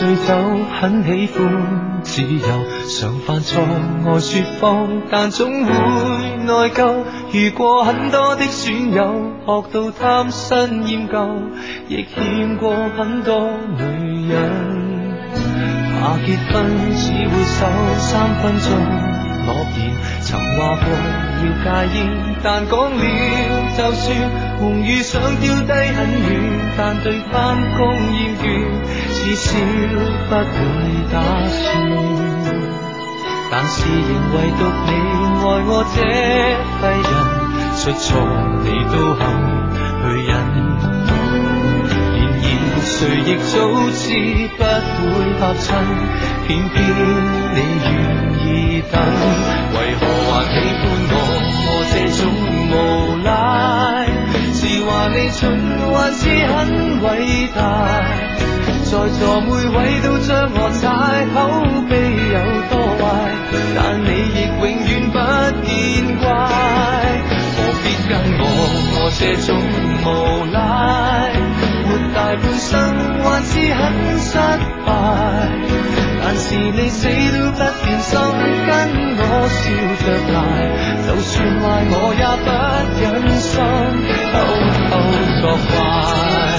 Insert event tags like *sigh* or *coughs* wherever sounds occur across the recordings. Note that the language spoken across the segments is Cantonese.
醉酒很喜歡自由，常犯錯愛說謊，但總會內疚。遇過很多的損友，學到貪新厭舊，亦欠過很多女人。怕結婚只會守三分鐘諾言，我曾話過。要戒煙，但講了就算。紅雨想丟低很遠，但對返工厭倦，至少不會打算。但是仍唯獨你愛我這廢人， *music* 出錯你都肯去忍。誰亦早知不會合襯，偏偏你願意等。為何還喜歡我，我這種無賴？是話你蠢還是很偉大？在座每位都將我踩，口碑有多壞，但你亦永遠不見怪。何必跟我我這種無賴？活大半生還是很失敗，但是你死都不變心，跟我笑着賴，就算壞我也不忍心偷偷作怪。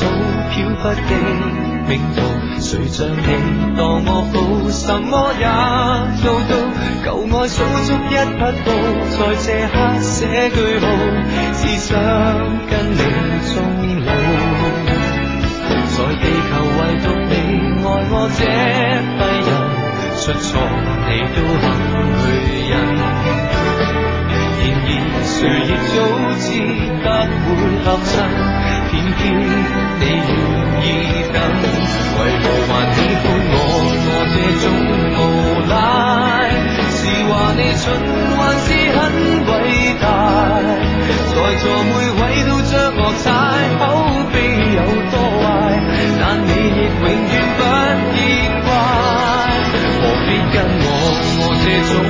早漂不記命途，誰像你當我好，什麼也做到。舊愛掃足一匹布，在這刻寫句號，只想跟你終老。 *noise* 在地球唯獨你愛我這廢人，出錯你都肯去忍。然而誰亦早知不會合襯。偏偏你願意等，為何還喜歡我？我這種無賴，是話你蠢還是很偉大？在座每位都將我踩，口碑有多壞，但你亦永遠不見怪。何必跟我我這種？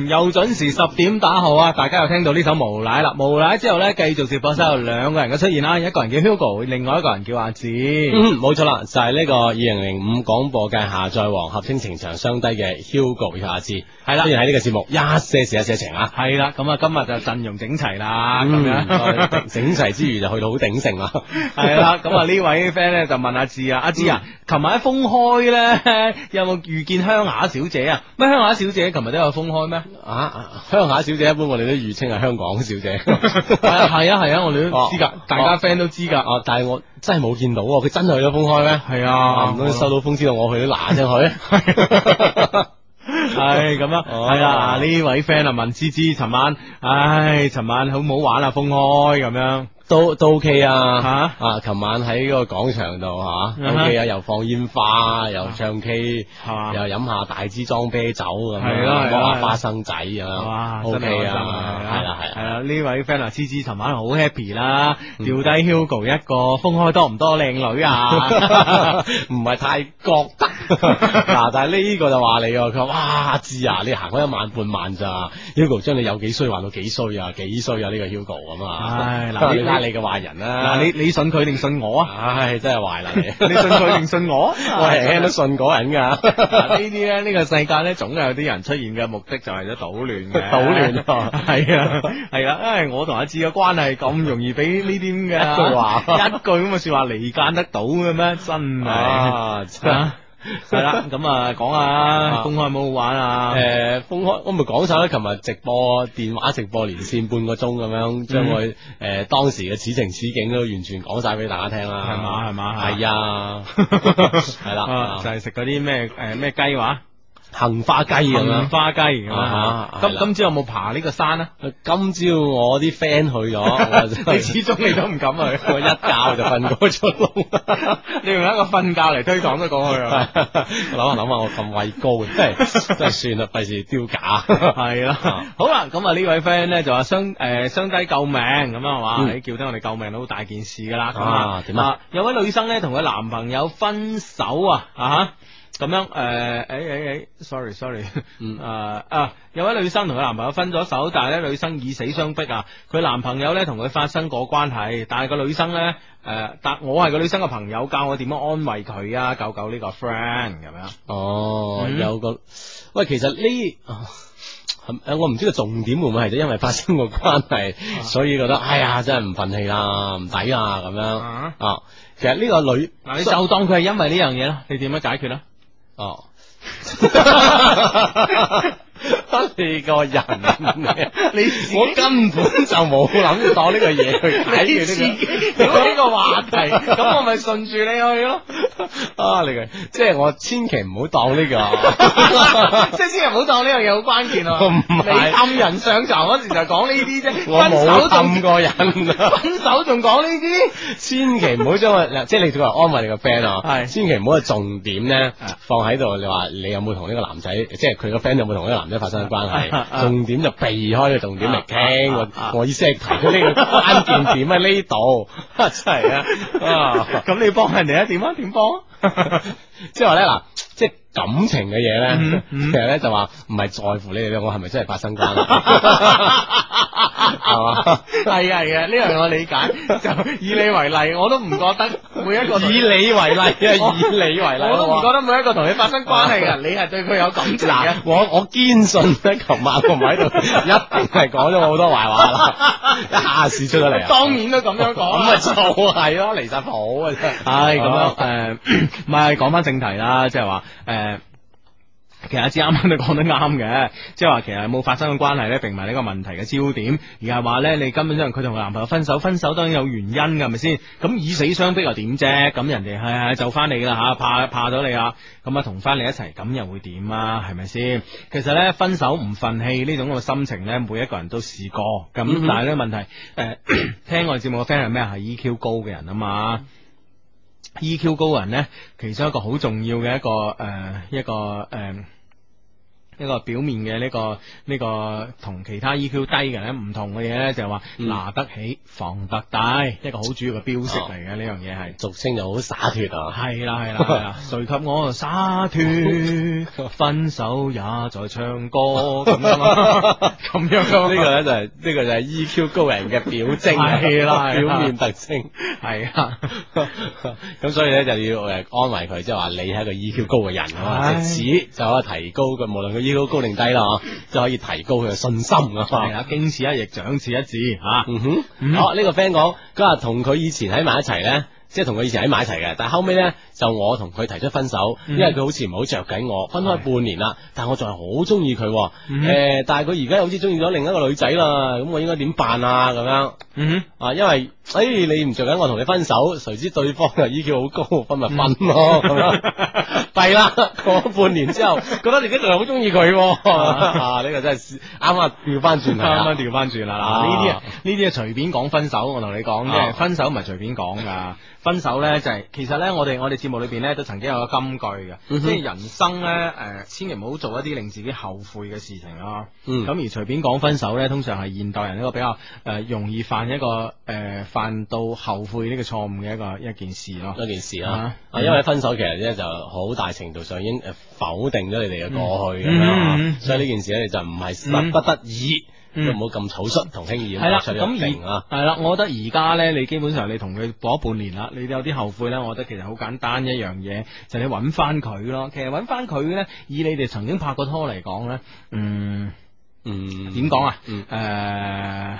又準時十點打號啊！大家又聽到呢首無賴啦，無賴之後呢，繼續接播室有兩個人嘅出現啦、啊，一個人叫 Hugo，另外一個人叫阿志，嗯，冇錯啦，就係、是、呢個二零零五廣播界下載王合聲情場相低嘅 Hugo 同阿志，係啦，依然喺呢個節目一些事，一些情啊，係啦，咁、嗯、啊今日就陣容整齊啦，咁、嗯、樣、啊、 *laughs* 整齊之餘就去到好鼎盛 *laughs* 啦，係、嗯、啦，咁啊呢位 friend 呢就問阿志啊，阿志啊，琴日喺封開呢，有冇遇見鄉下小姐啊？乜鄉下小姐琴日都有封開咩？啊，鄉下小姐一般我哋都預稱係香港小姐，係 *laughs* 啊係啊，啊，我哋都知㗎，啊、大家 friend 都知㗎，哦、啊啊，但係我真係冇見到，佢真係去咗封開咩？係啊，唔通收到風知道我去都嗱聲去，係咁啊，係啊，呢位 friend 啊，文芝芝，尋晚，唉、哎，尋晚好唔好玩啊？封開咁樣。都都 OK 啊！啊，琴晚喺呢個廣場度 OK 啊，又放煙花，又唱 K，又飲下大支裝啤酒咁樣，講下花生仔咁啊，OK 啊，係啦係啦，係啦，呢位 friend 啊，芝芝琴晚好 happy 啦，掉低 Hugo 一個，風開多唔多靚女啊？唔係太覺得嗱，但係呢個就話你，佢話哇，芝啊，你行開一晚半晚咋？Hugo 將你有幾衰話到幾衰啊？幾衰啊？呢個 Hugo 咁啊？唉，嗱你嘅壞人啊，嗱、啊、你你信佢定信我啊？唉，真係壞啦，你你信佢定信我？哎、信信我係 *laughs* 都信嗰人噶， *laughs* 啊、這些呢啲咧，呢、這個世界咧，總係有啲人出現嘅目的就係咗搗亂嘅，搗亂係啊係啦，因為、 *laughs* 啊啊哎、我同阿志嘅關係咁容易俾呢啲咁嘅說話，一句咁嘅說話離間 *laughs* 得到嘅咩？真係。 *laughs* 啊真 *laughs* 係啦，咁啊， *laughs* 講下公開有冇好玩啊？誒、欸，公開我咪講晒咧，琴日直播電話直播連線半個鐘咁樣，將佢誒當時嘅此情此景都完全講晒俾大家聽啦。係嘛，係嘛，係啊，係啦，就係食嗰啲咩誒咩雞話。呃杏花雞咁樣，杏花雞咁樣，今今朝有冇爬呢個山啊？今朝我啲 friend 去咗，你始終你都唔敢去，我一覺就瞓過咗。你用一個瞓覺嚟推廣都講佢啦。諗下諗下，我咁畏高，真係真係算啦，費事丟架。係啦，好啦，咁啊呢位 friend 咧就話傷誒傷低救命咁啊嘛，你叫得我哋救命都好大件事噶啦。啊，點啊？有位女生咧同佢男朋友分手啊啊！咁樣誒誒誒，sorry sorry，誒、嗯呃啊、有一位女生同佢男朋友分咗手，但係咧女生以死相逼啊，佢男朋友咧同佢發生過關係，但係個女生咧誒，但、呃、我係個女生嘅朋友，教我點樣安慰佢啊，救救呢個 friend 咁樣。哦，嗯、有個喂，其實呢、啊，我唔知道重點會唔會係，因為發生過關係，啊、所以覺得哎呀，真係唔忿氣啦唔抵啊，咁樣啊，啊，其實呢個女、啊，你就當佢係因為呢樣嘢啦，你點樣解決咧？哦，哈哈哈哈哈哈哈哈哈。不你個人，你我根本就冇諗住當呢個嘢去睇嘅。你講呢個話題，咁我咪順住你去咯。啊，你即係我千祈唔好當呢個，即係千祈唔好當呢樣嘢好關鍵啊！你暗人上床嗰時就講呢啲啫，我冇暗過人，分手仲講呢啲？千祈唔好將我，即係你作為安慰你個 friend 啊，係千祈唔好將重點咧放喺度，你話你有冇同呢個男仔，即係佢個 friend 有冇同呢個男？而發生關係，重點就避開個重點嚟傾。我我意思係提出呢個關鍵點喺呢度，真係啊。咁你幫人哋啊？點啊？點幫？即係話咧嗱，即係感情嘅嘢咧，其實咧就話唔係在乎你哋我係咪真係發生關係？係嘛？係啊，係啊，呢樣我理解就以你為例，我都唔覺得。每一個以你為例啊， *laughs* 我以你為例，啊，我都唔覺得每一個同你發生關係嘅，哦、你係對佢有感情，我我堅信咧，琴 *laughs* 晚我唔喺度一定係講咗好多壞話啦，一 *laughs* 下試出咗嚟，我當然都咁樣講。咁咪就係咯，離晒譜啊，真係。唉，咁樣，誒、啊，唔係講翻正題啦，即係話，誒、呃。其實阿志啱啱都講得啱嘅，即係話其實冇發生嘅關係咧，並唔係呢個問題嘅焦點，而係話咧，你根本上佢同男朋友分手，分手當然有原因嘅，係咪先？咁以死相逼又點啫？咁人哋係係就翻你啦吓，怕怕到你，你啊，咁啊同翻你一齊，咁又會點啊？係咪先？其實咧，分手唔忿氣呢種個心情咧，每一個人都試過，咁、嗯嗯、但係咧問題誒，呃、 *coughs* 聽我節目嘅 friend 係咩啊？係 EQ 高嘅人啊嘛。E.Q. 高人咧，其中一個好重要嘅一個誒、呃，一個誒。呃一個表面嘅呢、這個呢、這個同其他 EQ 低嘅咧唔同嘅嘢咧，就係話、嗯、拿得起防得大，一個好主要嘅標識嚟嘅呢樣嘢係，哦、俗稱就好灑脫啊！係啦係啦係啦，啊啊、 *laughs* 誰及我灑脫？分手也在唱歌咁樣、啊，咁樣咯、啊。呢個咧就係呢個就係、是這個、EQ 高人嘅表徵、啊，啦、 *laughs* 啊，啊啊、表面特徵係 *laughs* 啊。咁 *laughs* 所以咧就要誒安慰佢，即係話你係一個 EQ 高嘅人啊嘛，即使、哎、就可以提高佢，無論佢。睇到高定低咯，就可以提高佢嘅信心噶嘛。係啊，經此 *laughs* 一役，長此一志。吓、啊，嗯哼。嗯哼好，呢、這個 friend 講，佢話同佢以前喺埋一齊咧。即係同佢以前喺埋一齊嘅，但係後尾呢，就我同佢提出分手，嗯、因為佢好似唔好着緊我，分開半年啦，但我仲係好中意佢誒，但係佢而家好似中意咗另一個女仔啦，咁我應該點辦啊？咁樣、嗯、哼啊，因為誒、欸、你唔着緊我同你分手，誰知對方又依叫好高分咪分咯，弊啦，過半年之後覺得自己仲係好中意佢啊，呢、啊這個真係啱啱調翻轉嚟啦，啱啱調翻轉啦，呢啲啊呢啲啊隨便講分手，我同你講，嘅、啊、分手唔係隨便講噶。分手呢，就係、是，其實呢，我哋我哋節目裏邊呢，都曾經有個金句嘅，即係、嗯、哼人生呢，誒、呃，千祈唔好做一啲令自己後悔嘅事情咯、啊。嗯，咁而隨便講分手呢，通常係現代人一個比較誒、呃、容易犯一個誒、呃、犯到後悔呢個錯誤嘅一個一件事咯。一件事啦，因為分手其實呢，就好大程度上已經否定咗你哋嘅過去咁樣，嗯、所以呢件事呢，就唔係迫不得已、嗯。都唔好咁草率同輕易。係啦、嗯，咁、啊、而係啦，我覺得而家呢，你基本上你同佢過咗半年啦，你有啲後悔呢，我覺得其實好簡單一樣嘢，就係、你搵翻佢咯。其實搵翻佢呢，以你哋曾經拍過拖嚟講呢，嗯嗯，點講啊？誒誒、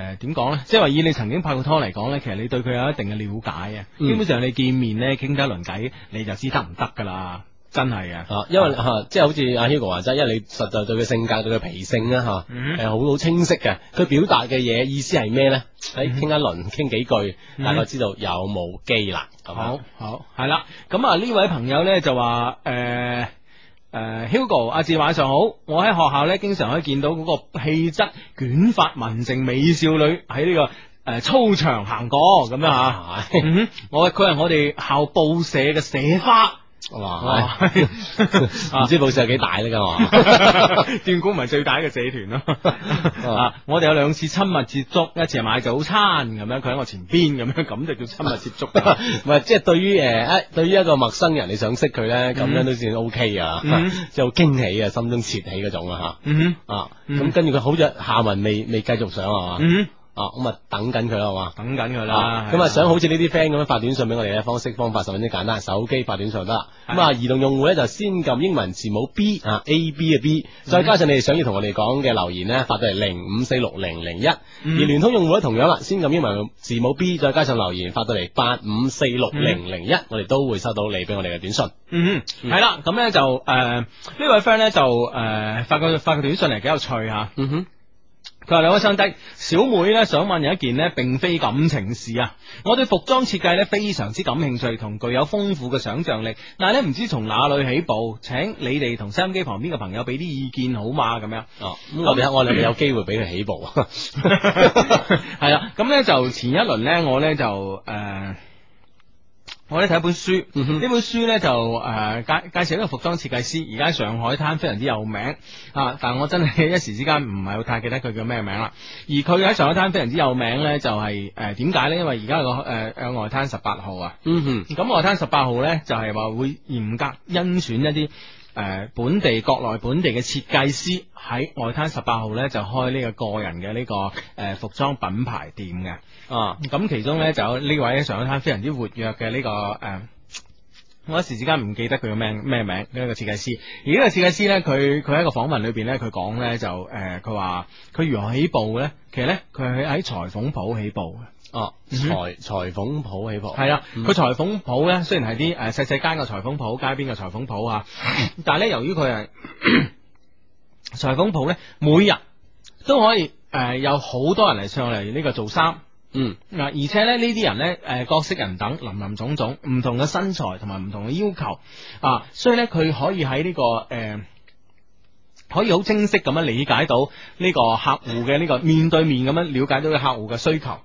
嗯，點講呢？即係話以你曾經拍過拖嚟講呢，其實你對佢有一定嘅了解啊。嗯、基本上你見面呢，傾得一輪偈你就知得唔得噶啦。真係嘅、啊，因為吓，即係的、啊就是、好似阿 Hugo 話齋，因為你實在對佢性格，對佢脾性咧，吓、啊，係好好清晰嘅。佢表達嘅嘢意思係咩咧？喺傾、嗯、一輪，傾幾句，大概、嗯、知道有冇機啦。好好，係啦好。咁啊好，呢位朋友咧就話，誒、呃、誒、呃、Hugo，阿志晚上好。我喺學校咧，經常可以見到嗰個氣質、捲髮、文靜美少女喺呢個誒操場行過咁、嗯、樣吓、啊。嗯、 *laughs* 我佢係我哋校報社嘅社花。嗯哇！唔知報社有幾大呢咁啊，斷估唔係最大一個社團咯。啊，我哋有兩次親密接觸，一次係買早餐咁樣，佢喺我前邊咁樣，咁就叫親密接觸。唔係，即係對於誒，對於一個陌生人，你想識佢咧，咁樣都算 OK 噶，就驚喜啊，心中竊喜嗰種啊吓。啊，咁跟住佢好似下文未未繼續上啊嘛。啊，咁啊等緊佢啦，好嘛？等緊佢啦。咁啊想好似呢啲 friend 咁樣發短信俾我哋嘅方式方法十分之簡單，手機發短信得啦。咁啊，移動用戶咧就先撳英文字母 B 啊，A B 嘅 B，再加上你哋想要同我哋講嘅留言呢，發到嚟零五四六零零一。而聯通用戶咧同樣啦，先撳英文字母 B，再加上留言發到嚟八五四六零零一，我哋都會收到你俾我哋嘅短信。嗯哼，係啦，咁咧就誒呢位 friend 咧就誒發個發個短信嚟，幾有趣吓。嗯哼。佢係兩位先生弟，小妹咧想問有一件呢，並非感情事啊！我對服裝設計呢，非常之感興趣，同具有豐富嘅想象力，但係咧唔知從哪裏起步，請你哋同收音機旁邊嘅朋友俾啲意見好嗎？咁樣、嗯、哦，我哋我哋有機會俾佢起步、嗯， *laughs* *laughs* 係啦，咁呢，就前一輪呢，我呢就，就誒。我咧睇一本書，呢、嗯、哼本書呢就誒、呃、介介紹一個服裝設計師，而家上海灘非常之有名啊！但係我真係一時之間唔係太記得佢叫咩名啦。而佢喺上海灘非常之有名呢，就係誒點解呢？因為而家有個、呃、外灘十八號啊，嗯哼，咁、嗯、外灘十八號呢，就係、是、話會嚴格甄選一啲。誒、呃、本地國內本地嘅設計師喺外灘十八號咧就開呢個個人嘅呢、這個誒、呃、服裝品牌店嘅啊，咁其中咧就有呢位上海灘非常之活躍嘅呢、這個誒、呃，我一時之間唔記得佢嘅名咩名呢一個設計師，而呢個設計師咧佢佢喺個訪問裏邊咧佢講咧就誒佢話佢如何起步咧，其實咧佢係喺裁縫鋪起步哦，裁裁縫鋪起步係啦，佢裁縫鋪咧，嗯、哼雖然係啲誒細細間嘅裁縫鋪，街邊嘅裁縫鋪吓，嗯、哼但係咧，由於佢係裁縫鋪咧，每日都可以誒有好多人嚟上嚟呢個做衫，嗯嗱，而且咧呢啲人咧誒各式人等，林林種種，唔同嘅身材同埋唔同嘅要求啊，所以咧佢可以喺呢、這個誒、呃、可以好清晰咁樣理解到呢個客戶嘅呢個面對面咁樣了解到嘅客戶嘅需求。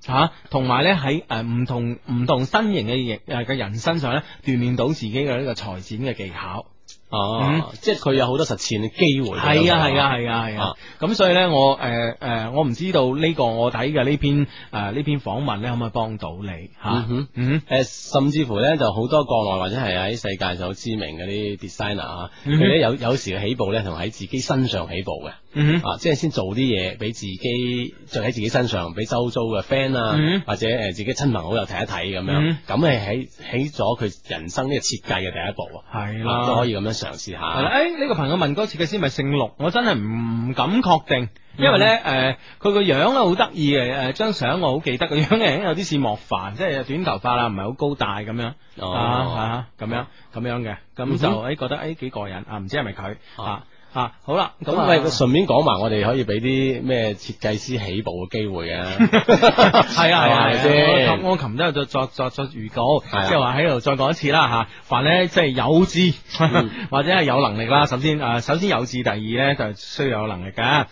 吓，啊呢呃、同埋咧喺誒唔同唔同身形嘅嘅、呃、人身上咧，鍛煉到自己嘅呢個裁剪嘅技巧。哦、啊，嗯、即係佢有好多實踐嘅機會。係啊，係啊，係啊，咁、啊啊啊、所以咧，我誒誒、呃，我唔知道呢個我睇嘅呢篇誒呢、呃、篇訪問咧可唔可以幫到你？吓，誒，甚至乎咧就好多國內或者係喺世界就好知名嗰啲 designer 啊、嗯哼，佢咧有有時嘅起步咧，同喺自己身上起步嘅。嗯啊，即係先做啲嘢俾自己着喺自己身上，俾周遭嘅 friend 啊，嗯、哼或者誒自己親朋好友睇一睇咁樣，咁係喺起咗佢人生呢個設計嘅第一步。係啦的、啊，都可以咁樣嘗試下。係誒呢個朋友問哥設計師咪姓陸，我真係唔敢確定，因為咧誒佢個樣咧好得意嘅，誒張相我好記得個樣，有啲似莫凡，即係短頭髮啦，唔係好高大咁樣，哦、啊啊咁樣咁樣嘅，咁就誒覺得誒幾過癮啊，唔知係咪佢啊？啊，好啦，咁咪順便講埋，我哋可以俾啲咩設計師起步嘅機會嘅，係啊係啊，係咪先？啊啊啊啊啊、我 on, 琴日、啊、再再再再預告，即係話喺度再講一次啦吓、啊。凡咧即係有志、嗯、或者係有能力啦，首先誒、啊，首先有志，第二咧就係需要有能力嘅。咁啊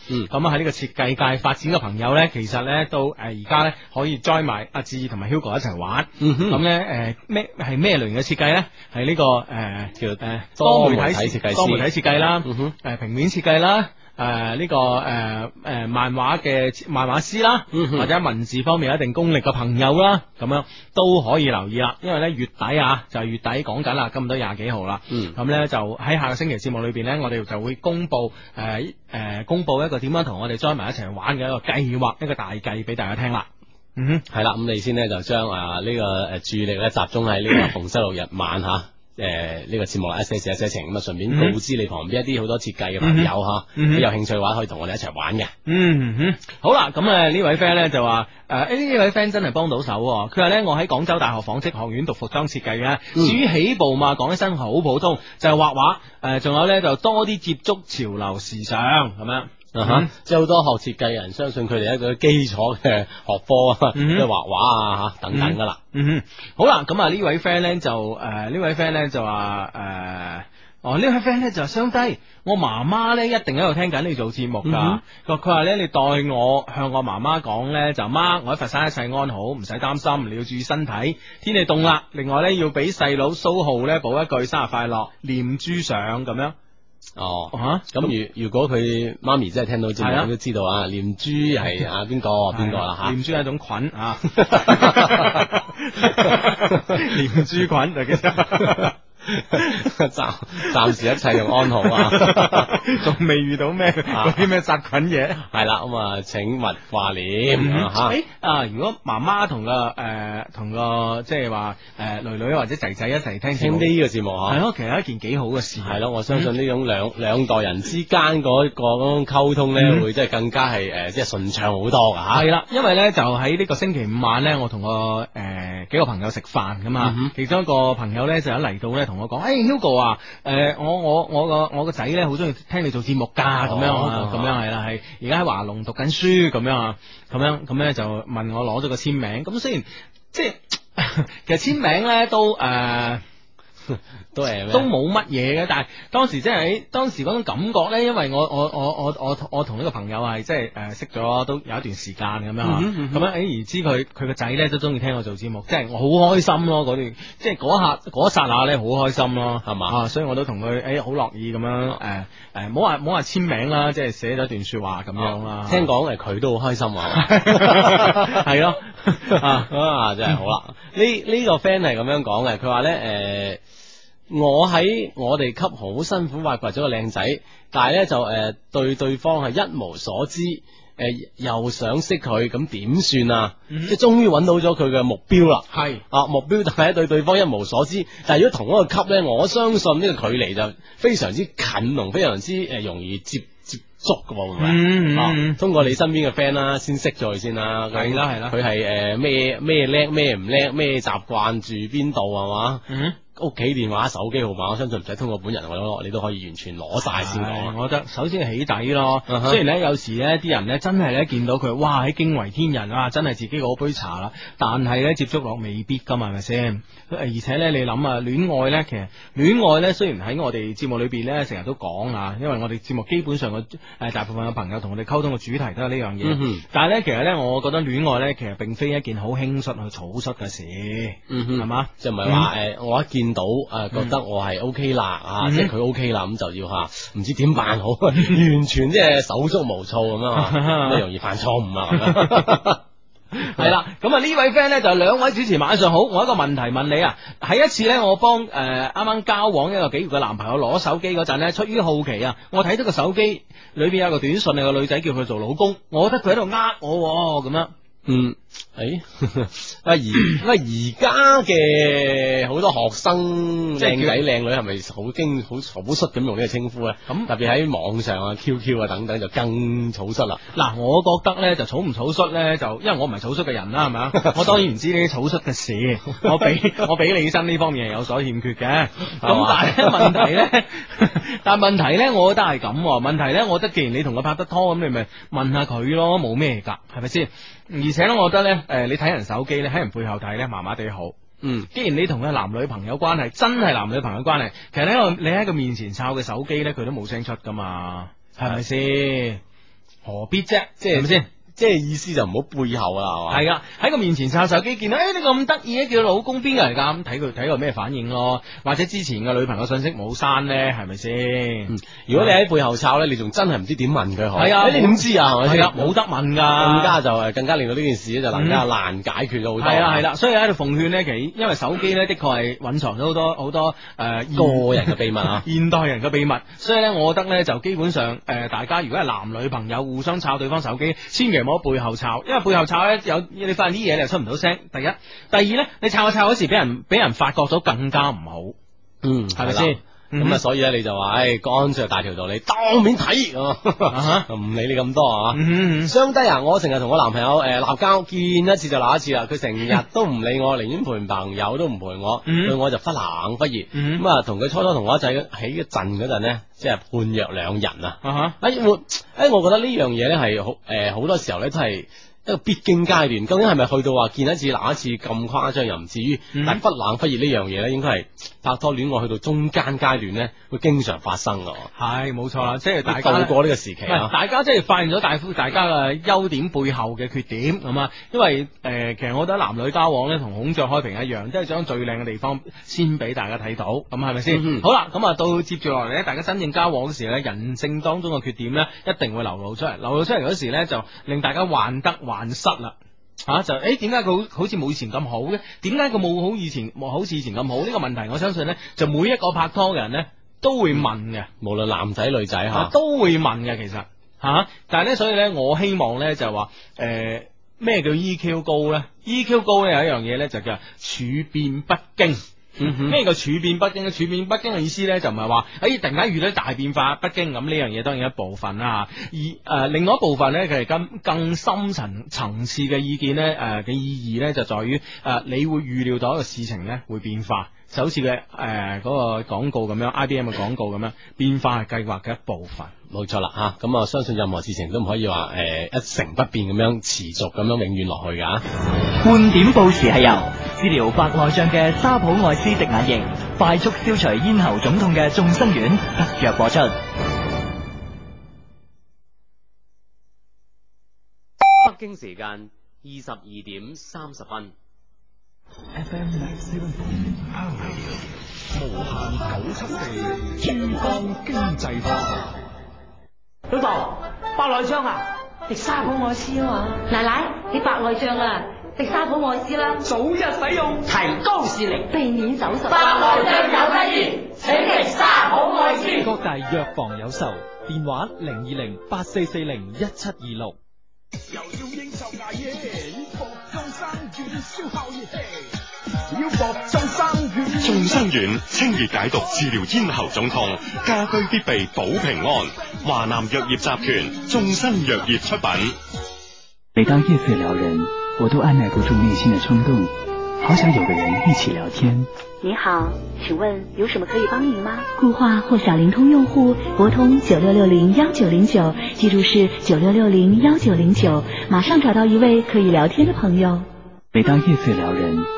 喺呢個設計界發展嘅朋友咧，其實咧都誒而家咧可以 join 埋阿志同埋 Hugo 一齊玩。咁咧誒咩係咩類型嘅設計咧？係呢、這個誒、呃、叫誒、呃、多媒體設計師多媒體設計啦。誒，平面設計啦，誒、呃、呢、這個誒誒、呃呃、漫畫嘅漫畫師啦，或者文字方面有一定功力嘅朋友啦，咁樣都可以留意啦。因為呢月底啊，就月底講緊啦，差唔多廿幾號啦。咁、嗯、呢，就喺下個星期節目裏邊呢，我哋就會公布誒誒、呃呃、公布一個點樣同我哋 join 埋一齊玩嘅一個計劃，一個大計俾大家聽啦。嗯，係啦，咁你先呢，就將啊呢、這個誒注意力呢，集中喺呢個逢西六日晚吓。 *coughs* 誒，呢、呃這個節目啊，一些事一些情咁啊，順便告知你旁邊一啲好多設計嘅朋友吓，嗯嗯嗯、有興趣嘅話可以同我哋一齊玩嘅。嗯哼，好啦，咁啊呢、呃、位 friend 咧就話，誒呢位 friend 真係幫到手、哦，佢話咧我喺廣州大學紡織學院讀服裝設計嘅，至於、嗯、起步嘛，講起身好普通，就畫、係、畫，誒、呃、仲有咧就多啲接觸潮流時尚咁樣。啊哈！Uh huh. 即係好多學設計人相信佢哋一個基礎嘅學科，即係畫畫啊吓等等噶啦、uh。嗯、huh. 哼、uh，huh. 好啦，咁啊呢、呃、位 friend 咧就誒呢位 friend 咧就話誒，哦位呢位 friend 咧就話上帝，我媽媽咧一定喺度聽緊你做節目噶。佢話咧，你代我向我媽媽講咧，就媽，我喺佛山一切安好，唔使擔心，你要注意身體，天氣凍啦。另外咧要俾細佬蘇浩咧補一句生日快樂，念珠上咁樣。哦，吓、哦，咁如、啊、如果佢媽咪真係聽到之後，你都、啊、知道啊，念珠係啊邊個邊個啦吓，念珠係一種菌 *laughs* 啊，念 *laughs* *laughs* 珠菌嚟嘅。 *laughs* *laughs* *laughs* 暫暫 *laughs* 時一切又安好啊，仲未遇到咩？有啲咩殺菌嘢？係啦，咁啊，請勿掛念吓。嗯、啊，如果媽媽同個誒同、呃、個即係話誒女女或者仔仔一齊聽聽呢個節目嗬，係咯，其實一件幾好嘅事。係咯，我相信呢種兩兩代人之間嗰、那個溝通咧，嗯、會即係更加係誒、呃、即係順暢好多噶吓。係啦，因為咧就喺呢個星期五晚咧，我同個誒。呃幾個朋友食飯㗎嘛，其中一個朋友咧就一嚟到咧同我講，誒、欸、，Hugo 啊，誒、呃，我我我個我個仔咧好中意聽你做節目噶，咁樣啊，咁樣係啦，係而家喺華農讀緊書咁樣，啊咁、哦、樣咁咧就問我攞咗個簽名，咁雖然即係其實簽名咧都誒。呃都係都冇乜嘢嘅，但係當時即係當時嗰種感覺咧，因為我我我我我同呢個朋友係即係誒識咗都有一段時間咁、嗯嗯嗯、樣，咁樣誒而知佢佢個仔咧都中意聽我做節目，即係我好開心咯、啊、嗰段，即係嗰刻嗰剎那咧好開心咯、啊，係嘛吧、啊，所以我都同佢誒好樂意咁樣誒誒，好話唔好話簽名啦，即係寫咗段說話咁樣啦。聽講誒佢都好開心啊，係咯啊，真係好啦。 *laughs* 這個、呢呢個 friend 係咁樣講嘅，佢話咧誒。我喺我哋級好辛苦挖掘咗個靚仔，但係咧就誒對對方係一無所知，誒又想識佢咁點算啊？即係終於揾到咗佢嘅目標啦。係是啊，目標但係對對方一無所知，但係如果同嗰個級咧，我相信呢個距離就非常之近，同非常之誒容易接接觸噶噃。嗯嗯、mm hmm. 啊，通過你身邊嘅 friend 啦，先識咗佢先啦。係啦係啦，佢係誒咩咩叻咩唔叻咩習慣住邊度係嘛？嗯。Mm hmm. 屋企電話、手機號碼，我相信唔使通過本人，我覺得你都可以完全攞晒先。我覺得首先起底咯。Uh huh. 雖然咧有時咧，啲人咧真係咧見到佢，哇，係驚為天人，啊，真係自己嗰杯茶啦。但係咧接觸落未必噶嘛，係咪先？而且咧，你諗，戀愛咧，其實戀愛咧，雖然喺我哋節目裏邊咧成日都講啊，因為我哋節目基本上個誒大部分嘅朋友同我哋溝通嘅主題都係呢樣嘢。Uh huh. 但係咧，其實咧，我覺得戀愛咧，其實並非一件好輕率去草率嘅事，係嘛？即唔係話誒，我一見。到誒覺得我係 O K 啦，嚇、嗯啊、即係佢 O K 啦，咁就要嚇唔知點辦好，完全即係手足無措咁啊， *laughs* 樣容易犯錯誤啊。係啦 *laughs* *laughs* 咁啊呢位 friend 呢，就兩、係、位主持晚上好，我一個問題問你啊，喺一次呢，我幫誒啱啱交往一個幾月嘅男朋友攞手機嗰陣呢，出於好奇啊，我睇到個手機裏邊有個短信，個女仔叫佢做老公，我覺得佢喺度呃我咁樣，嗯。誒，啊、哎、 *laughs* 而家嘅好多學生靚仔靚女係咪好經好草率咁用呢個稱呼咧？咁那特別喺網上啊、QQ 啊等等就更草率啦 *laughs* 啦。嗱，我覺得咧就草唔草率咧就，因為我唔係草率嘅人啦，係咪啊？ *laughs* 我當然唔知呢啲草率嘅事，我比我比你喺呢方面係有所欠缺嘅。咁 *laughs* 但係咧問題咧， *laughs* 但問題咧，我覺得係咁。問題咧，我覺得既然你同佢拍得拖，咁你咪問下佢咯，冇咩噶，係咪先？而且咧，我覺得。咧、呃，你睇人手機咧，喺人背後睇咧，麻麻哋好。嗯，既然你同佢男女朋友關係，真係男女朋友關係。其實喺度你喺佢面前抄嘅手機咧，佢都冇聲出噶嘛，係咪先？是是何必啫？即係咪先？嗯即係意思就唔好背後啊，係啊，喺個面前摷手機見到，誒你咁得意叫老公邊個嚟㗎？咁睇佢睇佢咩反應咯？或者之前嘅女朋友信息冇刪呢，係咪先？嗯、如果你喺背後摷呢，你仲真係唔知點問佢係的啊？你點知啊？係啊的，冇的得問㗎。更加就係更加令到呢件事就更加、嗯、難解決到好係啦，係啦。所以喺度奉勸呢，其實因為手機呢，的確係隱藏咗好多好多誒個人嘅秘密啊， *laughs* 現代人嘅秘密。所以呢，我覺得呢，就基本上、呃、大家如果係男女朋友互相摷對方手機，千祈。我背後抄，因為背後抄咧，有你發現啲嘢你又出唔到聲。第一，第二咧，你抄我抄嗰時俾人俾人發覺咗更加唔好。嗯，係咪先？咁啊，嗯嗯、所以咧你就話，唉、哎，乾脆大條道理當面睇，唔、啊、哈理你咁多啊。嗯嗯、相低啊，我成日同我男朋友誒鬧交，見一次就鬧一次啦。佢成日都唔理我，寧願、嗯、陪朋友都唔陪我，對、嗯、我就忽冷忽熱。咁啊，同佢初初同我一齊起陣嗰陣呢，即係判若兩人啊哈。啊、哎、我，哎我覺得呢樣嘢呢，係、呃、好，誒好多時候呢，都係。一個必經階段，究竟係咪去到話見一次鬧一次咁誇張，又唔至於？嗯、但忽冷忽熱呢樣嘢呢，應該係拍拖戀愛去到中間階段呢，會經常發生㗎。係冇錯啦，嗯、即係大家渡過呢個時期、啊是，大家即係發現咗大夫大家嘅優點背後嘅缺點咁啊，因為誒、呃，其實我覺得男女交往呢，同孔雀開屏一樣，即係將最靚嘅地方先俾大家睇到，咁係咪先？嗯、哼好啦，咁啊到接住落嚟呢，大家真正交往時呢，人性當中嘅缺點呢，一定會流露出嚟，流露出嚟嗰時呢，就令大家患得患。散失啦吓、啊、就誒，點解佢好似冇以前咁好咧？點解佢冇好以前，冇好似以前咁好？呢、這個問題我相信呢，就每一個拍拖嘅人呢都會問嘅，無論男仔女仔吓，都會問嘅。其實吓，但係呢，所以咧，我希望呢，就話誒，咩、呃、叫 E Q 高呢？E Q 高呢，有一樣嘢呢，就叫處變不驚。咩個、嗯、處變不驚？處變不驚嘅意思呢，就唔係話哎突然間遇到大變化，不驚，咁呢樣嘢，當然是一部分啦、啊。而誒、呃、另外一部分呢，其實更更深層層次嘅意見呢，誒嘅、呃、意義呢，就在於誒、呃、你會預料到一個事情呢會變化，就好似嘅誒嗰個廣告咁樣，IBM 嘅廣告咁樣，變化係計劃嘅一部分。冇錯啦吓，咁啊，相信任何事情都唔可以話誒一成不變咁樣持續咁樣永遠落去噶吓。半點報時係由治療白內障嘅沙普愛斯滴眼液快速消除咽喉腫痛嘅眾生丸特約播出。北京時間二十二點三十分。FM 九七四，無限九七四，珠江經濟台。老豆，白內障啊，食沙普愛斯啊嘛。奶奶，你白內障啊，食沙普愛斯啦，啊。早日使用，提高視力，避免手術。白內障有得醫，請食沙普愛斯。各大藥房有售，電話零二零八四四零一七二六。又要應酬熬夜，搏終生，要吃燒烤熱氣。要服眾生丸，眾生丸清熱解毒，治療咽喉腫痛，家居必備保平安。華南藥業集團眾生藥業出品。每當夜色撩人，我都按捺不住內心的衝動，好想有個人一起聊天。你好，請問有什麼可以幫您嗎？固話或小靈通用戶，撥通九六六零幺九零九，09，記住是九六六零幺九零九，09，馬上找到一位可以聊天的朋友。每當夜色撩人。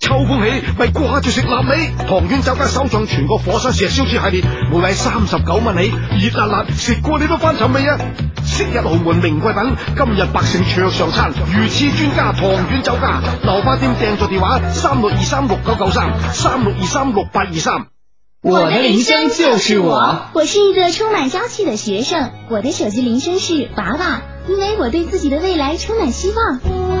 秋風起，咪掛住食臘味。唐苑酒家首創全國火山石燒豬系列，每位三十九蚊起，熱辣辣，食過你都翻尋味啊！昔日豪門名貴品，今日百姓桌上餐。魚翅專家唐苑酒家，榴花店訂座電話三六二三六九九三，三六二三六八二三。我的鈴聲就是我，我是一個充滿朝氣的學生。我的手機鈴聲是娃娃，因為我對自己的未來充滿希望。嗯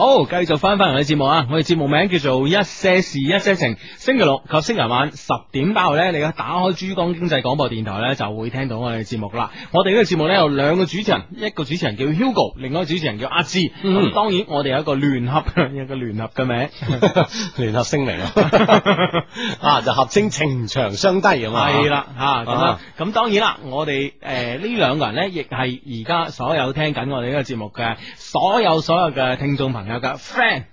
好，繼、oh, 續翻翻我哋節目啊！我哋節目名叫做一些事一些情，星期六及星期日晚十點八號咧，你打開珠江經濟廣播電台咧，就會聽到我哋節目啦。我哋呢個節目咧有兩個主持人，一個主持人叫 Hugo，另外一個主持人叫阿芝。嗯、哼當然我哋有一個聯合有一個聯合嘅名，聯 *laughs* *laughs* 合聲明啊，就合稱情長相低啊嘛。係啦了，吓咁啊，咁、啊啊、當然啦，我哋誒呢兩個人咧，亦係而家所有聽緊我哋呢個節目嘅所有所有嘅聽眾朋友。有噶 friend，friend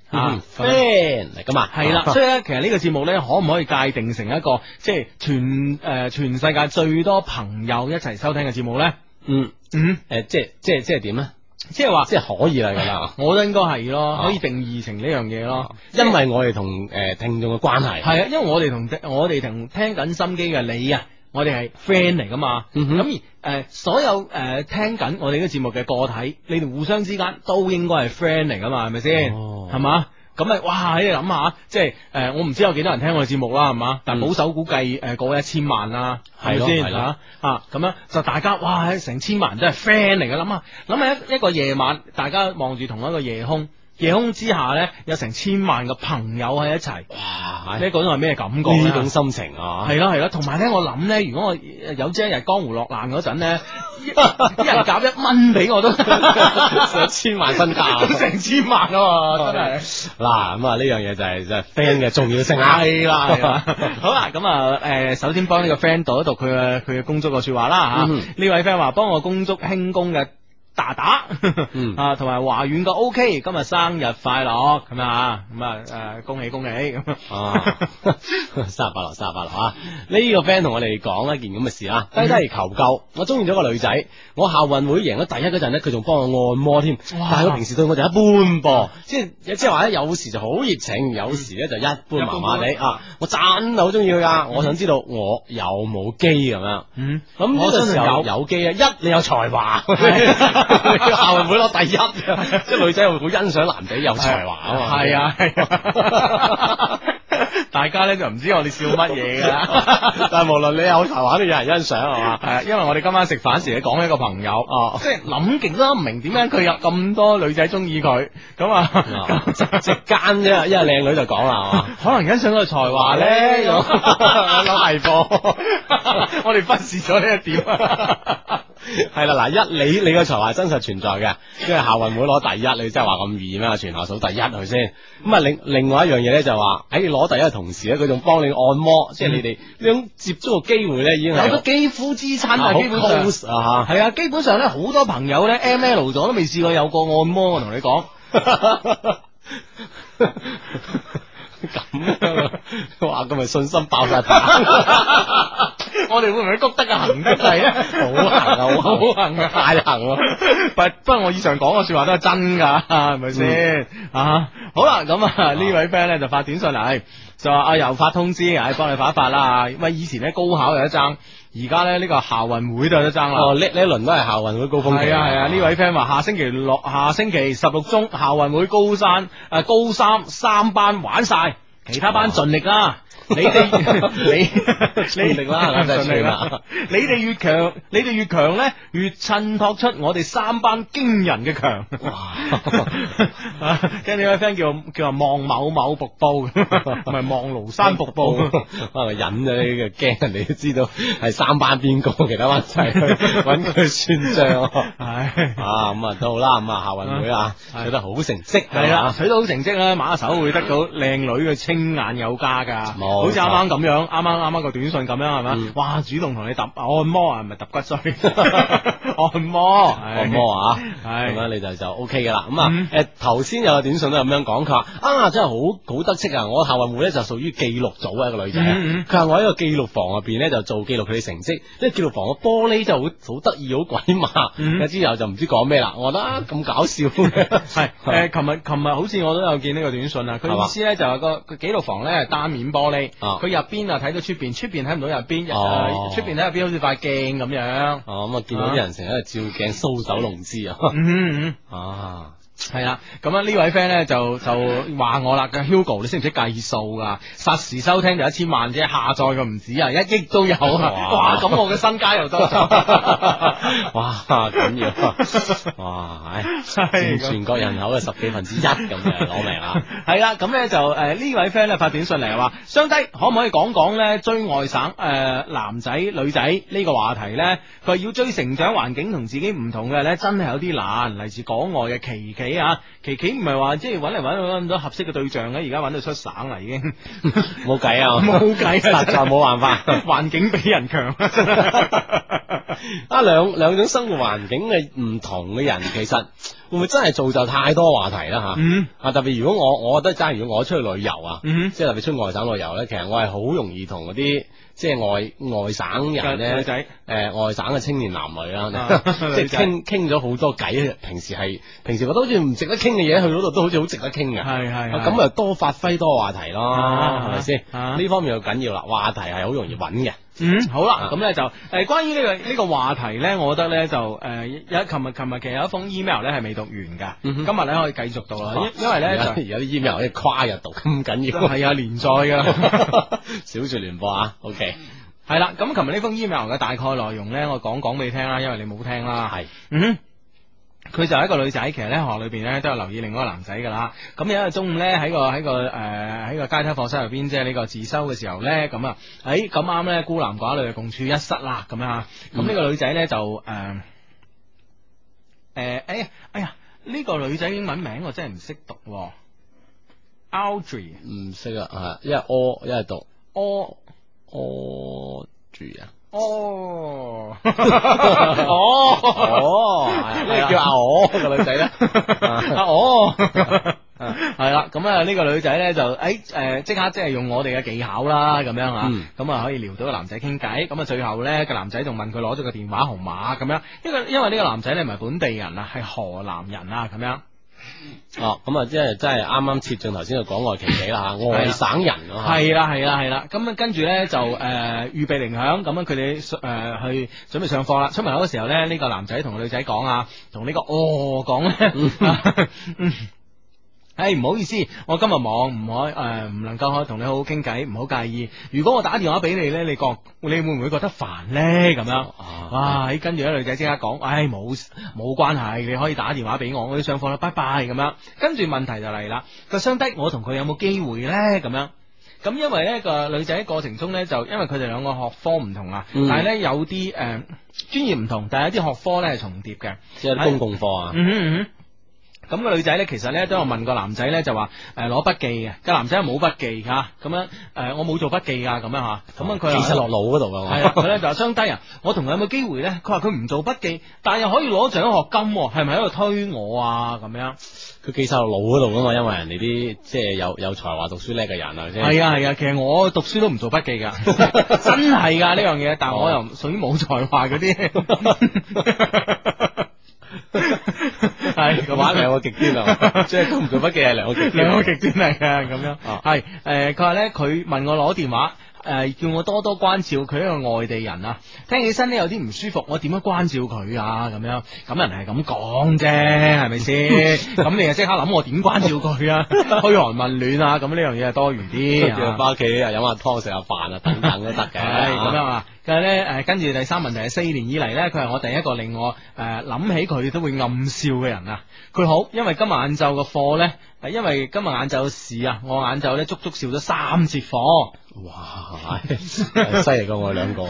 嚟噶嘛？係啦，所以咧，其實呢個節目咧，可唔可以界定成一個即係全誒全世界最多朋友一齊收聽嘅節目咧？嗯嗯，誒，即係即係即係點咧？即係話，即係可以嚟噶啦，我覺得應該係咯，可以定義成呢樣嘢咯，因為我哋同誒聽眾嘅關係係啊，因為我哋同我哋同聽緊心機嘅你啊。我哋係 friend 嚟噶嘛，咁、mm hmm. 而誒、呃、所有誒、呃、聽緊我哋呢個節目嘅個體，你哋互相之間都應該係 friend 嚟噶嘛，係咪先？哦、oh.，係嘛？咁啊，哇！你諗下，即係誒、呃，我唔知有幾多人聽我哋節目啦，係嘛？Mm hmm. 但保守估計誒、呃，過一千萬啦、啊，係咪先？係啦，咁樣、啊、就大家哇，成千萬人都係 friend 嚟㗎。諗下諗下一一個夜晚，大家望住同一個夜空。夜空之下咧，有成千萬嘅朋友喺一齊，哇！呢、哎、個都係咩感覺？呢種心情啊，係咯係咯。同埋咧，聽我諗咧，如果我有朝一日江湖落難嗰陣咧， *laughs* 一人搞一蚊俾我都成 *laughs* *laughs* 千萬身家、啊，咁成 *laughs* 千萬啊的真係。嗱、啊，咁啊呢樣嘢就係、是、就係 friend 嘅重要性啦、啊。係啦， *laughs* 好啦，咁啊誒，首先幫呢個 friend 讀一讀佢嘅佢嘅公祝個説話啦嚇。呢、嗯、位 friend 話幫我公祝輕功嘅。達打，啊，同埋華遠個 O K，今日生日快樂，咁啊，咁啊，誒，恭喜恭喜，咁啊，卅八落卅八落啊，呢個 friend 同我哋講一件咁嘅事啊，低低求救，我中意咗個女仔，我校運會贏咗第一嗰陣咧，佢仲幫我按摩添，但係佢平時對我就一般噃，即係即係話咧，有時就好熱情，有時咧就一般麻麻地啊，我真係好中意佢噶，我想知道我有冇機咁樣，嗯，咁呢時有機啊，一你有才華。校運會攞第一，即係女仔會好欣賞男仔有才華啊嘛，係啊係，大家咧就唔知我哋笑乜嘢噶啦。但係無論你有才華，都有人欣賞係嘛，係。因為我哋今晚食飯時，你講一個朋友哦，即係諗極都諗唔明，點解佢有咁多女仔中意佢？咁啊，即間啫，因為靚女就講啦，可能欣賞佢才華咧咁，我諗，我哋忽視咗呢一點。係啦，嗱 *laughs* 一你你個才華真實存在嘅，因為校運會攞第一，你真係話咁易咩？全校數第一去先，咁啊另另外一樣嘢咧就話喺攞第一嘅同時咧，佢仲幫你按摩，即係、嗯、你哋呢種接觸嘅機會咧已經係有咗肌膚之親，但係、啊、基本啊吓，係啊，基本上咧好多朋友咧 M L 咗都未試過有個按摩，我同你講。 *laughs* *laughs* 咁樣啊！哇，咁咪信心爆晒棚！我哋會唔會谷得啊？ *laughs* 會會行得嚟 *laughs* 啊？好行啊！好行啊！ *laughs* 太行喎、啊！不不過我以上講嘅說話都係真噶，係咪先啊？好啦，咁啊位朋友呢位 friend 咧就發短信嚟。就話啊又發通知，哎、啊、幫你發一發啦。咁啊以前咧高考又一爭，而家咧呢、呢個校運會都係得爭啦。哦，呢呢一輪都係校運會高峰期。啊係啊，呢、啊啊、位 friend 話下星期六下星期十六中校運會高山、誒、啊、高三三班玩晒，其他班盡力啦。哦 *laughs* 你哋你你盡力啦，啦！你哋越強，你哋、啊、越強咧，越襯托出我哋三班驚人嘅強。跟 *laughs* 住哇、啊、我個 friend 叫叫望某某瀑布，唔係 *laughs* 望廬山瀑布。 *laughs* 啊、忍咗呢個驚，你都知道係三班邊個， *laughs* 其他班仔揾佢算賬。係 *laughs* 啊，咁啊都好啦。咁、嗯、啊，校運會啊取得好成績、啊，係啦取得好成績啦、啊啊，馬手會得到靚女嘅青眼有加噶。哦好似啱啱咁樣，啱啱啱啱個短信咁樣係咪？哇！主動同你揼按摩啊，唔係揼骨衰，按摩按摩啊，係咁樣你就就 O K 噶啦。咁啊，誒頭先有個短信都咁樣講，佢話啊真係好好得戚啊！我校運會咧就屬於記錄組啊，一個女仔，佢話我喺個記錄房入邊咧就做記錄佢嘅成績，即係記錄房個玻璃就好好得意，好鬼嘛。之後就唔知講咩啦，我覺得啊咁搞笑係誒，琴日琴日好似我都有見呢個短信啊，佢意思咧就係個個記錄房咧係單面玻璃。佢、啊、入邊啊睇到出邊，出邊睇唔到入邊。邊、啊，出邊睇入邊，好似塊鏡咁樣。哦，咁啊見到啲人成日喺度照鏡，搔首弄姿啊。嗯嗯,嗯啊。係啦，咁啊位呢位 friend 咧就就話我啦，咁 Hugo 你識唔識計數噶？實時收聽就一千萬啫，下載個唔止一億啊，一億都有。哇！咁我嘅身家又多咗 *laughs* 哇！緊要，哇！佔全，全國人口嘅十幾分之一咁 *laughs* 啊攞命啦。係啦，咁咧就誒呢位 friend 咧發短信嚟話，相低可唔可以講講咧追外省誒、呃、男仔女仔呢個話題咧？佢要追成長環境同自己唔同嘅咧，真係有啲難。嚟自港外嘅奇奇。琪琪唔係話即係揾嚟揾揾咁多合適嘅對象，而家揾到出省啦，已經冇計啊，冇計、 *laughs* 啊、實在冇辦法，環 *laughs* 境比人強 *laughs* *laughs* 啊！兩兩種生活環境嘅唔同嘅人， *laughs* 其實會唔會真係造就太多話題啦、啊？吓、mm，hmm. 啊，特別如果我我覺得，假如我出去旅遊啊，即係、mm hmm. 特別出外省旅遊呢、啊，其實我係好容易同嗰啲。即係外外省人咧，誒孩、呃，外省嘅青年男女啦，啊、 *laughs* 即係傾傾咗好多偈。平時係平時覺得好似唔值得傾嘅嘢，去嗰度都好似好值得傾嘅。係係是、啊，咁啊多發揮多話題咯，係咪先？呢吧、啊、方面又緊要啦，話題係好容易揾嘅。嗯，好啦，咁咧、啊嗯、就，誒、呃，關於呢、這個呢、這個話題咧，我覺得咧就，誒、呃，一琴日琴日其實有一封 email 咧係未讀完噶，嗯、哼今日咧可以繼續讀啦，啊、因為咧就而家啲 email 可以跨日讀，咁緊要係啊，連載噶，小說聯播啊，OK，係啦，咁琴日呢封 email 嘅大概內容咧，我講講俾你聽啦，因為你冇聽啦，係是，嗯哼。佢就係一個女仔，其實咧學校裏邊咧都有留意另外一個男仔噶啦。咁有一日中午咧喺個喺個誒喺個階梯課室入邊即係呢個自修嘅時候咧，咁啊誒咁啱咧孤男寡女共處一室啦咁樣吓。咁呢個女仔咧就誒誒誒哎呀呢、哎這個女仔英文名我真係唔識讀 Audrey 唔識啊，一係 O 一係讀 O Ojri。哦，哦，哦， *laughs* 係你叫阿哦個女仔咧，阿、呃、哦，係啦，咁啊呢個女仔咧就誒誒即刻即係用我哋嘅技巧啦，咁樣啊。咁啊可以撩到個男仔傾偈，咁啊最後咧個男仔仲問佢攞咗個電話號碼咁樣，因為因為呢個男仔咧唔係本地人啊，係河南人啊咁樣。哦，咁啊，即係真係啱啱切進頭先就講澳奇景啦吓，外省人咯，吓，係啦，係啦，係啦，咁啊跟住咧就誒預備鈴響，咁樣佢哋誒去準備上課啦。出門口嘅時候咧，呢個男仔同個女仔講啊，同呢個哦講咧。誒，唔、哎、好意思，我今日忙，唔可誒，唔、呃、能夠可同你好好傾偈，唔好介意。如果我打電話俾你呢，你覺你會唔會覺得煩呢？」咁樣，哇、啊！嗯、跟住咧，女仔即刻講，唉，冇冇關係，你可以打電話俾我，我要上課啦，拜拜。咁樣，跟住問題就嚟啦。個相低，我同佢有冇機會呢？咁樣，咁因為呢個女仔過程中呢，就因為佢哋兩個學科唔同啊，嗯、但係呢，有啲誒專業唔同，但係有啲學科呢係重疊嘅，即係公共課啊。哎、嗯哼嗯嗯。咁個女仔咧，其實咧都有問個男仔咧，就話誒攞筆記嘅，個男仔冇筆記㗎，咁樣誒我冇做筆記噶，咁樣吓，咁樣佢記晒落腦嗰度噶，係啊，佢咧就話相低啊，呃、我同佢有冇機會咧？佢話佢唔做筆記，但係又可以攞獎學金。哦，係咪喺度推我啊？咁樣佢記晒落腦嗰度噶嘛？因為人哋啲即係有有才華、讀書叻嘅人啊，係啊係啊，其實我讀書都唔做筆記噶， *laughs* 真係噶呢樣嘢，但係我又屬於冇才華嗰啲。 *laughs* *laughs* 係 *laughs* 佢話兩 *laughs* 個極端啊，即係《盜墓筆記》係兩個極端，兩個極端嚟嘅咁樣，啊。係誒佢話咧佢問我攞電話。誒、呃，叫我多多關照佢一個外地人啊，聽起身咧有啲唔舒服，我點樣關照佢啊？咁樣咁人係咁講啫，係咪先？咁 *laughs* 你就即刻諗我點關照佢啊？噓 *laughs* 寒問暖啊，咁呢樣嘢啊多元啲、啊，翻屋企啊飲下湯食下飯啊等等都得嘅。咁樣，啊，係咧誒，跟住、啊、第三問題，四年以嚟咧，佢係我第一個令我誒諗、呃、起佢都會暗笑嘅人啊。佢好，因為今日晏晝個課咧，因為今日晏晝事啊，我晏晝咧足足笑咗三節課。哇，犀利過我哋兩個，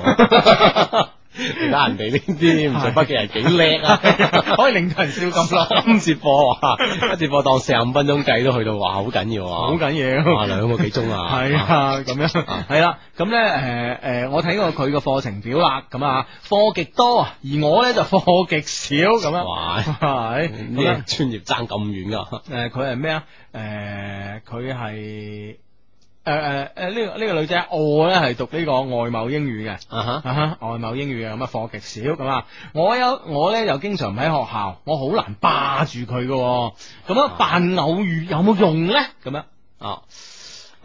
其他人哋呢啲。唔使北京人幾叻啊，可以令到人笑咁囉。今節課，一節課當四十五分鐘計都去到，話好緊要，啊，好緊要，兩個幾鐘啊？係啊，咁樣係啦。咁咧，誒誒，我睇過佢嘅課程表啦，咁啊，課極多，啊，而我咧就課極少，咁樣。係係，啲專業爭咁遠噶。誒，佢係咩啊？誒，佢係。誒誒誒，呢、呃呃呢個呢、呢個女仔，我咧係讀呢個外貿英語嘅，啊哈，啊哈外貿英語啊，咁啊課極少，咁啊我有我咧又經常唔喺學校，我好難霸住佢嘅，咁樣扮偶遇有冇用咧？咁樣啊？啊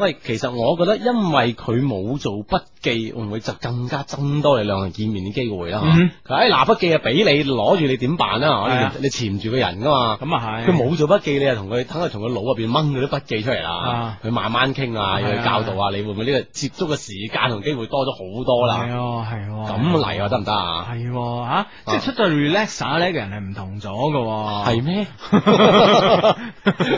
喂，其實我覺得，因為佢冇做筆記，會唔會就更加增多你兩人見面嘅機會啦？吓，哎，拿筆記啊，俾你攞住，你點辦啊？你你纏住個人噶嘛？咁啊係，佢冇做筆記，你又同佢，等佢同佢腦入邊掹佢啲筆記出嚟啦，佢慢慢傾啊，佢去教導啊，你會唔會呢個接觸嘅時間同機會多咗好多啦？係係，咁嚟啊得唔得啊？係吓，即係出咗 Relaxer 呢個人係唔同咗噶，係咩？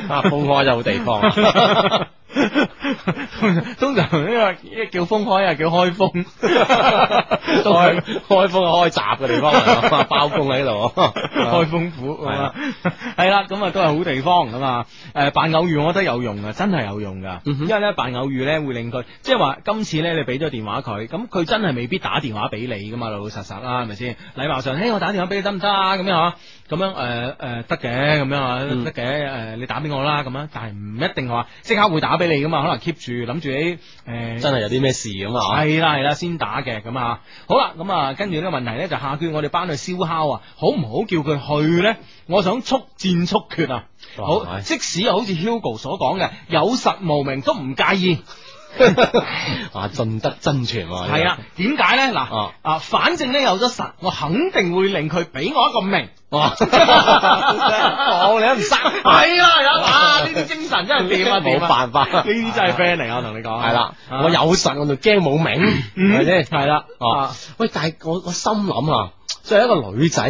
風花就好地方。 *laughs* 通常呢個一叫封開啊，叫開封， *laughs* 是開封啊，開閘嘅地方包公喺度， *laughs* *laughs* 開封府係啦，咁啊的的 *laughs* 都係好地方啊嘛。誒、呃，扮偶遇我覺得有用啊，真係有用噶。嗯、哼因為咧扮偶遇咧會令佢，即係話今次咧你俾咗電話佢，咁佢真係未必打電話俾你噶嘛，老老實實啦，係咪先？禮貌上，嘿，我打電話俾你得唔得啊？咁樣啊，咁樣誒誒得嘅，咁樣啊得嘅，誒、呃、你打俾我啦，咁樣，但係唔一定話即刻會打俾你噶嘛？可能 keep 住諗住誒，欸、真係有啲咩事咁啊？係啦係啦，先打嘅咁啊。好啦，咁啊，跟住呢個問題咧，就下卷我哋班去燒烤啊，好唔好叫佢去咧？我想速戰速決啊！好，哇即使好似 Hugo 所講嘅有實無名，都唔介意。啊，盡得真傳，係啊？點解咧？嗱，啊，反正咧，有咗神，我肯定會令佢俾我一個命。哦，你都阿神，係啊？啊，呢啲精神真係冇辦法，呢啲真係 friend 我同你講。係啦，我有神，我就驚冇命，係咪先？係啦，啊，喂，但係我我心諗，啊，作為一個女仔，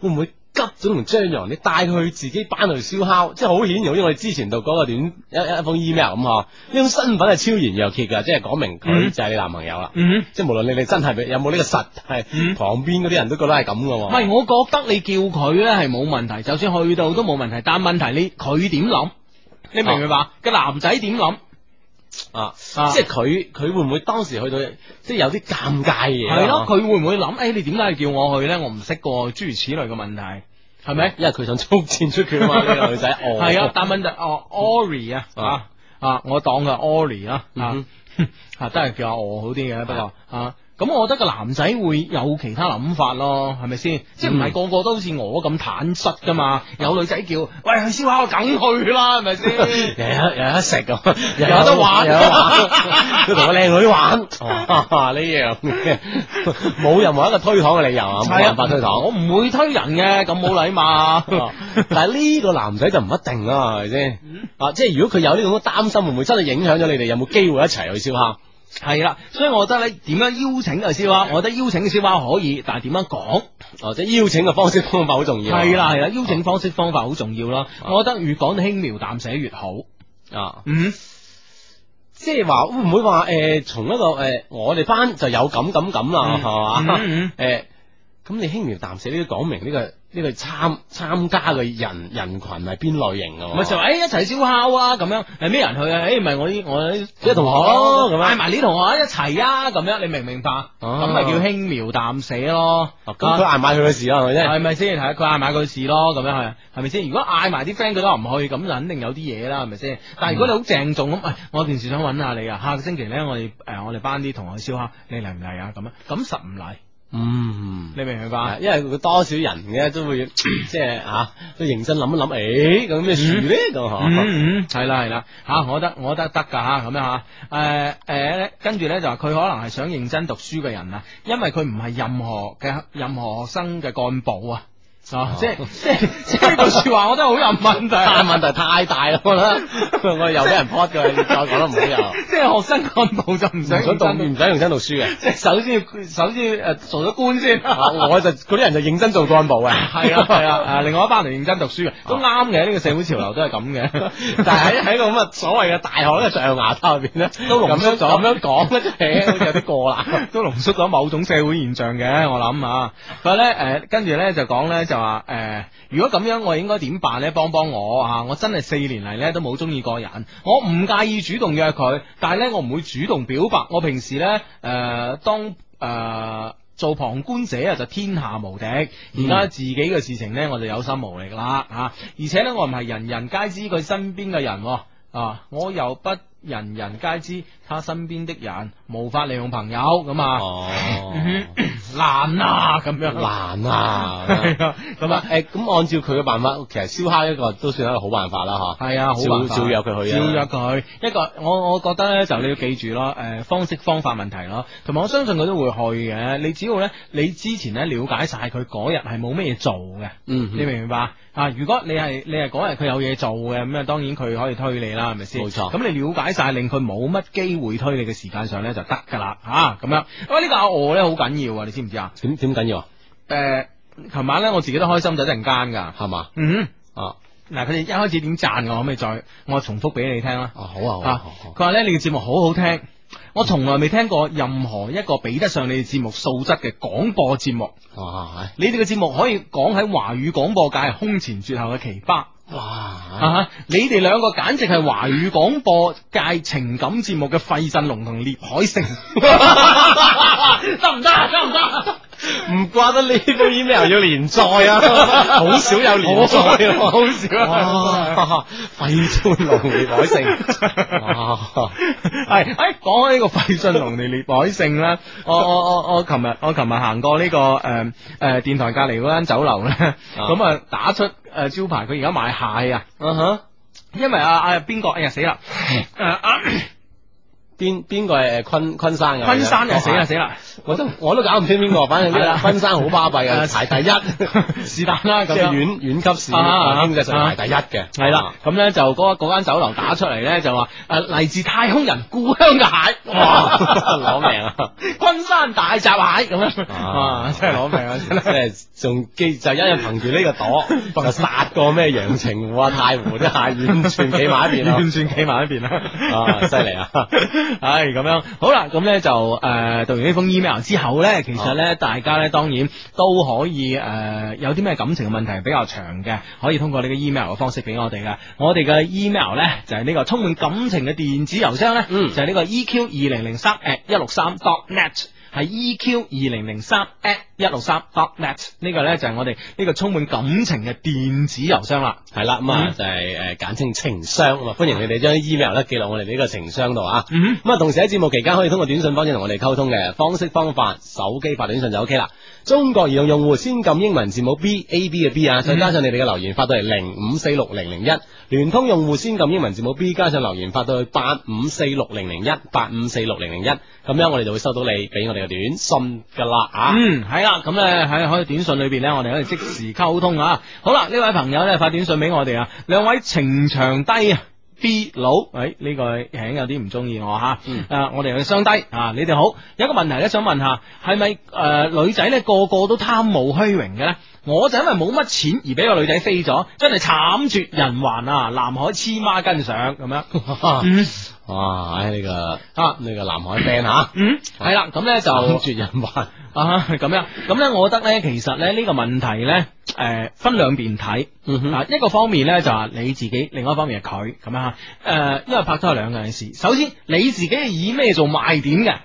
會唔會？急總同張揚，你帶佢自己班去燒烤，即係好顯然，好似我哋之前度嗰個短一一封 email 咁嗬，呢種身份係超然若揭噶，即係講明佢就係你男朋友啦，嗯、即係無論你哋真係有冇呢個實係，嗯、旁邊嗰啲人都覺得係咁噶。唔係，我覺得你叫佢咧係冇問題，就算去到都冇問題，但問題你佢點諗？你明唔明白？個、哦、男仔點諗？啊！啊即係佢，佢會唔會當時去到，即、就、係、是、有啲尷尬嘢、啊？係咯，佢會唔會諗？誒、欸，你點解叫我去咧？我唔識過諸如此類嘅問題，係咪、嗯？因為佢想充錢出佢啊嘛，呢 *laughs* 個女仔哦，係啊，但問題哦，ori 啊啊！我當佢 ori 咯，啊，都係叫阿哦，好啲嘅，不過吓。咁我覺得個男仔會有其他諗法咯，係咪先？即係唔係個個都好似我咁坦率噶嘛？有女仔叫，喂，去燒烤梗去啦，係咪先？有有得食，有得玩，有得玩，佢同個靚女玩。呢樣冇任何一個推搪嘅理由啊，冇辦法推搪。 *laughs* 我唔會推人嘅，咁冇禮貌。 *laughs* 但係呢個男仔就唔一定啦，係咪先？啊，即係如果佢有呢種擔心，會唔會真係影響咗你哋有冇機會一齊去燒烤？係啦，所以我覺得咧，點樣邀請啊，小花，我覺得邀請小花可以，但係點樣講，或者邀請嘅方式方法好重要。係啦，係啦，邀請方式方法好重要啦。啊、我覺得越講輕描淡寫越好啊。嗯，即係話會唔會話誒，從一個誒，我哋班就有咁咁咁啦，係嘛？誒，咁你輕描淡寫都要講明呢個。呢個參參加嘅人人群係邊類型嘅、啊？咪就誒、欸、一齊燒烤啊咁樣，係咩人去啊？誒、欸，唔係我啲我啲同學咯，咁嗌埋啲同學一齊啊咁樣，你明唔明白？咁咪、哦、叫輕描淡寫咯。咁佢嗌埋佢嘅事啦、啊，係咪先？係咪先？係佢嗌埋佢事咯，咁樣係係咪先？如果嗌埋啲 friend 佢都唔去，咁肯定有啲嘢啦，係咪先？是不是？但係如果你好鄭重咁，喂、哎，我暫時想搵下你啊，下個星期咧，我哋誒、呃、我哋班啲同學燒烤，你嚟唔嚟啊？咁樣咁實唔嚟？嗯，你明唔明白？的因為會多少人嘅都會， *coughs* 即係吓、啊、都認真諗一諗，誒、欸，咁咩事咧？咁嗬、嗯，係啦係啦，吓、嗯，我覺得我覺得我得噶吓，咁樣吓，誒、啊、誒、啊啊啊啊啊啊，跟住咧就話佢可能係想認真讀書嘅人啊，因為佢唔係任何嘅任何學生嘅幹部啊。即即即呢句說話，我真係好有問題。但問題太大啦，我我有啲人 pod 嘅，再講都唔好入。即係學生幹部就唔使唔想讀，唔使認真讀書嘅。即係首先，首先誒做咗官先。我就嗰啲人就認真做幹部嘅。係啊係啊，另外一班嚟認真讀書嘅都啱嘅。呢個社會潮流都係咁嘅。但係喺個咁所謂嘅大學呢嘅象牙塔入面呢，都濃縮咗咁樣講咧，真係有啲過啦。都濃縮咗某種社會現象嘅，我諗啊。佢咧誒，跟住呢就講呢。就話誒、呃，如果咁樣，我應該點辦呢？幫幫我啊！我真係四年嚟呢都冇中意過人，我唔介意主動約佢，但係呢，我唔會主動表白。我平時呢，誒、呃、當誒、呃、做旁觀者呀就天下無敵，而家自己嘅事情呢，我就有心無力㗎啦啊！而且呢，我唔係人人皆知佢身邊嘅人，啊，我又不，人人皆知，他身邊的人無法利用朋友咁、哦、 *laughs* 啊，難啊，咁樣難啊，咁啊，誒、啊，咁、欸、按照佢嘅辦法，其實燒烤一個都算一個好辦法啦，吓，係啊，照約佢去，啊。照、啊、約佢，一個我我覺得咧就你要記住咯，誒、呃，方式方法問題咯，同埋我相信佢都會去嘅，你只要咧你之前咧了解晒佢嗰日係冇咩嘢做嘅，嗯、哼你明唔明白啊？如果你係你係嗰日佢有嘢做嘅，咁啊當然佢可以推你啦，係咪先？冇錯錯，咁你了解晒令佢冇乜機會推你嘅，時間上咧就得噶啦吓咁樣，喂、啊、呢、呢個阿娥咧好緊要啊，你知唔知道啊？點點緊要？誒，琴晚咧我自己都開心咗一陣間噶，係嘛嗎？嗯哼，嗱、啊，佢哋一開始點讚我，可唔可以再我重複俾你聽啦。啊，好啊，佢話咧你嘅節目好好聽，嗯、我從來未聽過任何一個比得上你嘅節目素質嘅廣播節目。嗯、你哋嘅節目可以講喺華語廣播界係空前絕後嘅奇葩。哇！吓、啊，你哋兩個簡直係華語廣播界情感節目嘅費振龍同聶海勝，得唔得啊，得唔得。唔怪得呢封 email 要連載啊，好少有連載啊，好少啊，費俊龍烈海勝。係誒，講開呢個費俊龍烈海勝咧，我我我我琴日我琴日行過呢、這個誒誒、呃、電台隔籬嗰間酒樓咧，咁啊打出誒招牌，佢而家賣蟹啊，哼、啊，因為啊啊邊個哎呀死啦！呃啊邊邊個係昆昆山嘅？昆山啊！死啦死啦！我都我都搞唔清邊個，反正昆山好巴閉嘅，排第一。是但啦，咁縣縣級市經濟上排第一嘅。係啦，咁咧就嗰間酒樓打出嚟咧，就話誒，嚟自太空人故鄉嘅蟹，哇！攞命啊！昆山大閘蟹咁樣啊，真係攞命啊！真係仲記，就一日憑住呢個朵，幫佢殺過咩陽澄湖啊、太湖啲蟹，完全企埋一邊啦，完全企埋一邊啦，啊，犀利啊！係咁樣，好啦，咁呢就誒，讀、呃、完呢封 email 之後呢，其實呢，大家呢當然都可以誒、呃，有啲咩感情嘅問題比較長嘅，可以通過呢個 email 嘅方式俾我哋㗎。我哋嘅 email 呢，就係、是、呢、這個充滿感情嘅電子郵箱呢，嗯、就係呢個 e q 二零零三 at 一六三 dot net。係 EQ 二零零三 at 一六三 dot net，呢個咧就係我哋呢個充滿感情嘅電子郵箱啦，係啦咁啊就係誒簡稱情商咁啊，歡迎你哋將 email 咧寄落我哋呢個情商度啊，咁啊、嗯、同時喺節目期間可以通過短信方式同我哋溝通嘅方式方法，手機發短信就 ok 啦。中國移動用戶先撳英文字母 B，A B 嘅 B 啊，再加上你哋嘅留言發到嚟，零五四六零零一，聯通用戶先撳英文字母 B，加上留言發到去八五四六零零一，八五四六零零一，咁樣我哋就會收到你俾我哋嘅短信噶啦，嗯，係啦，咁咧喺可以短信裏邊呢，我哋可以即時溝通啊。好啦，呢位朋友呢，發短信俾我哋啊，兩位情長低啊。B 佬，哎，呢、這個請有啲唔中意我吓、嗯啊，啊，我哋去雙低啊，你哋好，有一個問題咧想問下，係咪誒女仔咧個個都貪慕虛榮嘅咧？我就因為冇乜錢而俾個女仔飛咗，真係慘絕人寰啊！嗯、南海痴孖跟上咁、嗯、樣。哇！唉，呢個啊，呢個南海病吓，啊、嗯，係啦、嗯，咁咧就絕人話啊，咁 *laughs* *laughs* 樣，咁咧，我覺得咧，其實咧呢、這個問題咧，誒、呃，分兩邊睇，啊、嗯哼，一個方面咧就話、是、你自己，嗯、另外一方面係佢咁啊，誒、呃，因為拍拖係兩樣事，首先你自己係以咩做賣點嘅，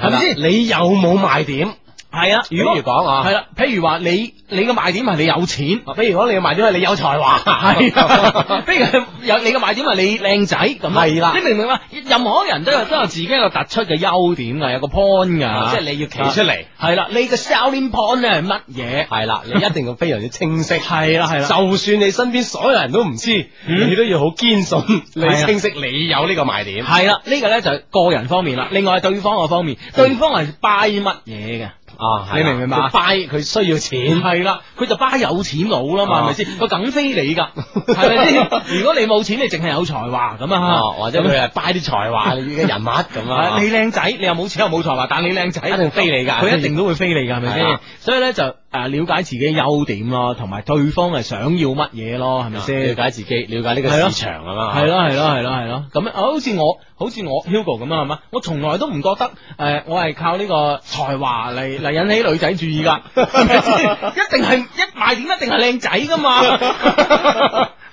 係咪先？你有冇賣點？係啊，如果如講，係啦，譬如話你你嘅賣點係你有錢，譬如講你嘅賣點係你有才華，係，譬如有你嘅賣點係你靚仔咁，係啦，你明唔明啊？任何人都都有自己一個突出嘅優點啊，有個 point 噶，即係你要企出嚟。係啦，你嘅 selling point 咧係乜嘢？係啦，你一定要非常之清晰。係啦係啦，就算你身邊所有人都唔知，你都要好堅信你清晰你有呢個賣點。係啦，呢個咧就係個人方面啦。另外，對方個方面，對方係 buy 乜嘢嘅？啊，你明唔明白？巴佢需要錢，係啦，佢就巴有錢佬啦嘛，係咪先？佢梗飛你噶，係咪先？如果你冇錢，你淨係有才華咁啊，或者佢係巴啲才華嘅人物咁啊。你靚仔，你又冇錢又冇才華，但你靚仔，一定飛你噶，佢一定都會飛你噶，係咪先？所以咧就誒了解自己優點咯，同埋對方係想要乜嘢咯，係咪先？了解自己，了解呢個市場啊嘛，係咯係咯係咯係咯，咁好似我。好似我 Hugo 咁啊，係嘛？我從來都唔覺得誒，我係靠呢個才華嚟嚟引起女仔注意噶，一定係一賣點，一定係靚仔噶嘛，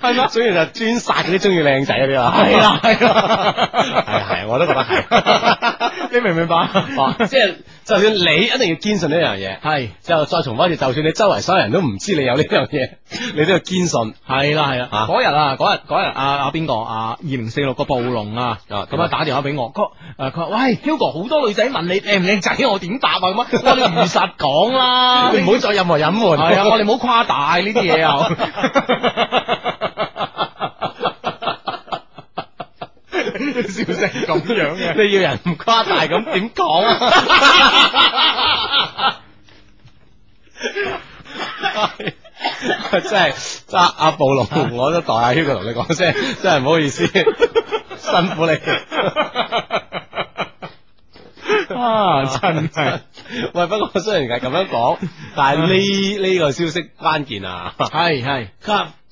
係嘛？所以就專殺嗰啲中意靚仔嗰啲啊，係啦係啦係係，我都覺得，你明唔明白？即係。就算你一定要堅信呢樣嘢，係，之後再重複一次，就算你周圍所有人都唔知你有呢樣嘢，你都要堅信。係啦係啦，嗰日啊，嗰日嗰日阿阿邊個啊二零四六個暴龍啊，咁啊打電話俾我，佢話喂，Hugo 好多女仔問你靚唔靚仔，我點答啊？咁啊，我如實講啦，唔好再任何隱瞞。係啊，我哋唔好誇大呢啲嘢啊。消息係咁樣，嘅， *laughs* 你要人唔誇大咁點講啊？真係揸阿布龍，我都代阿 Hugo 同你講聲，真係唔好意思， *laughs* 辛苦你 *laughs* 啊！真係，喂、 *laughs* 啊， *laughs* 不過雖然係咁樣講，但係呢呢個消息關鍵啊，係係。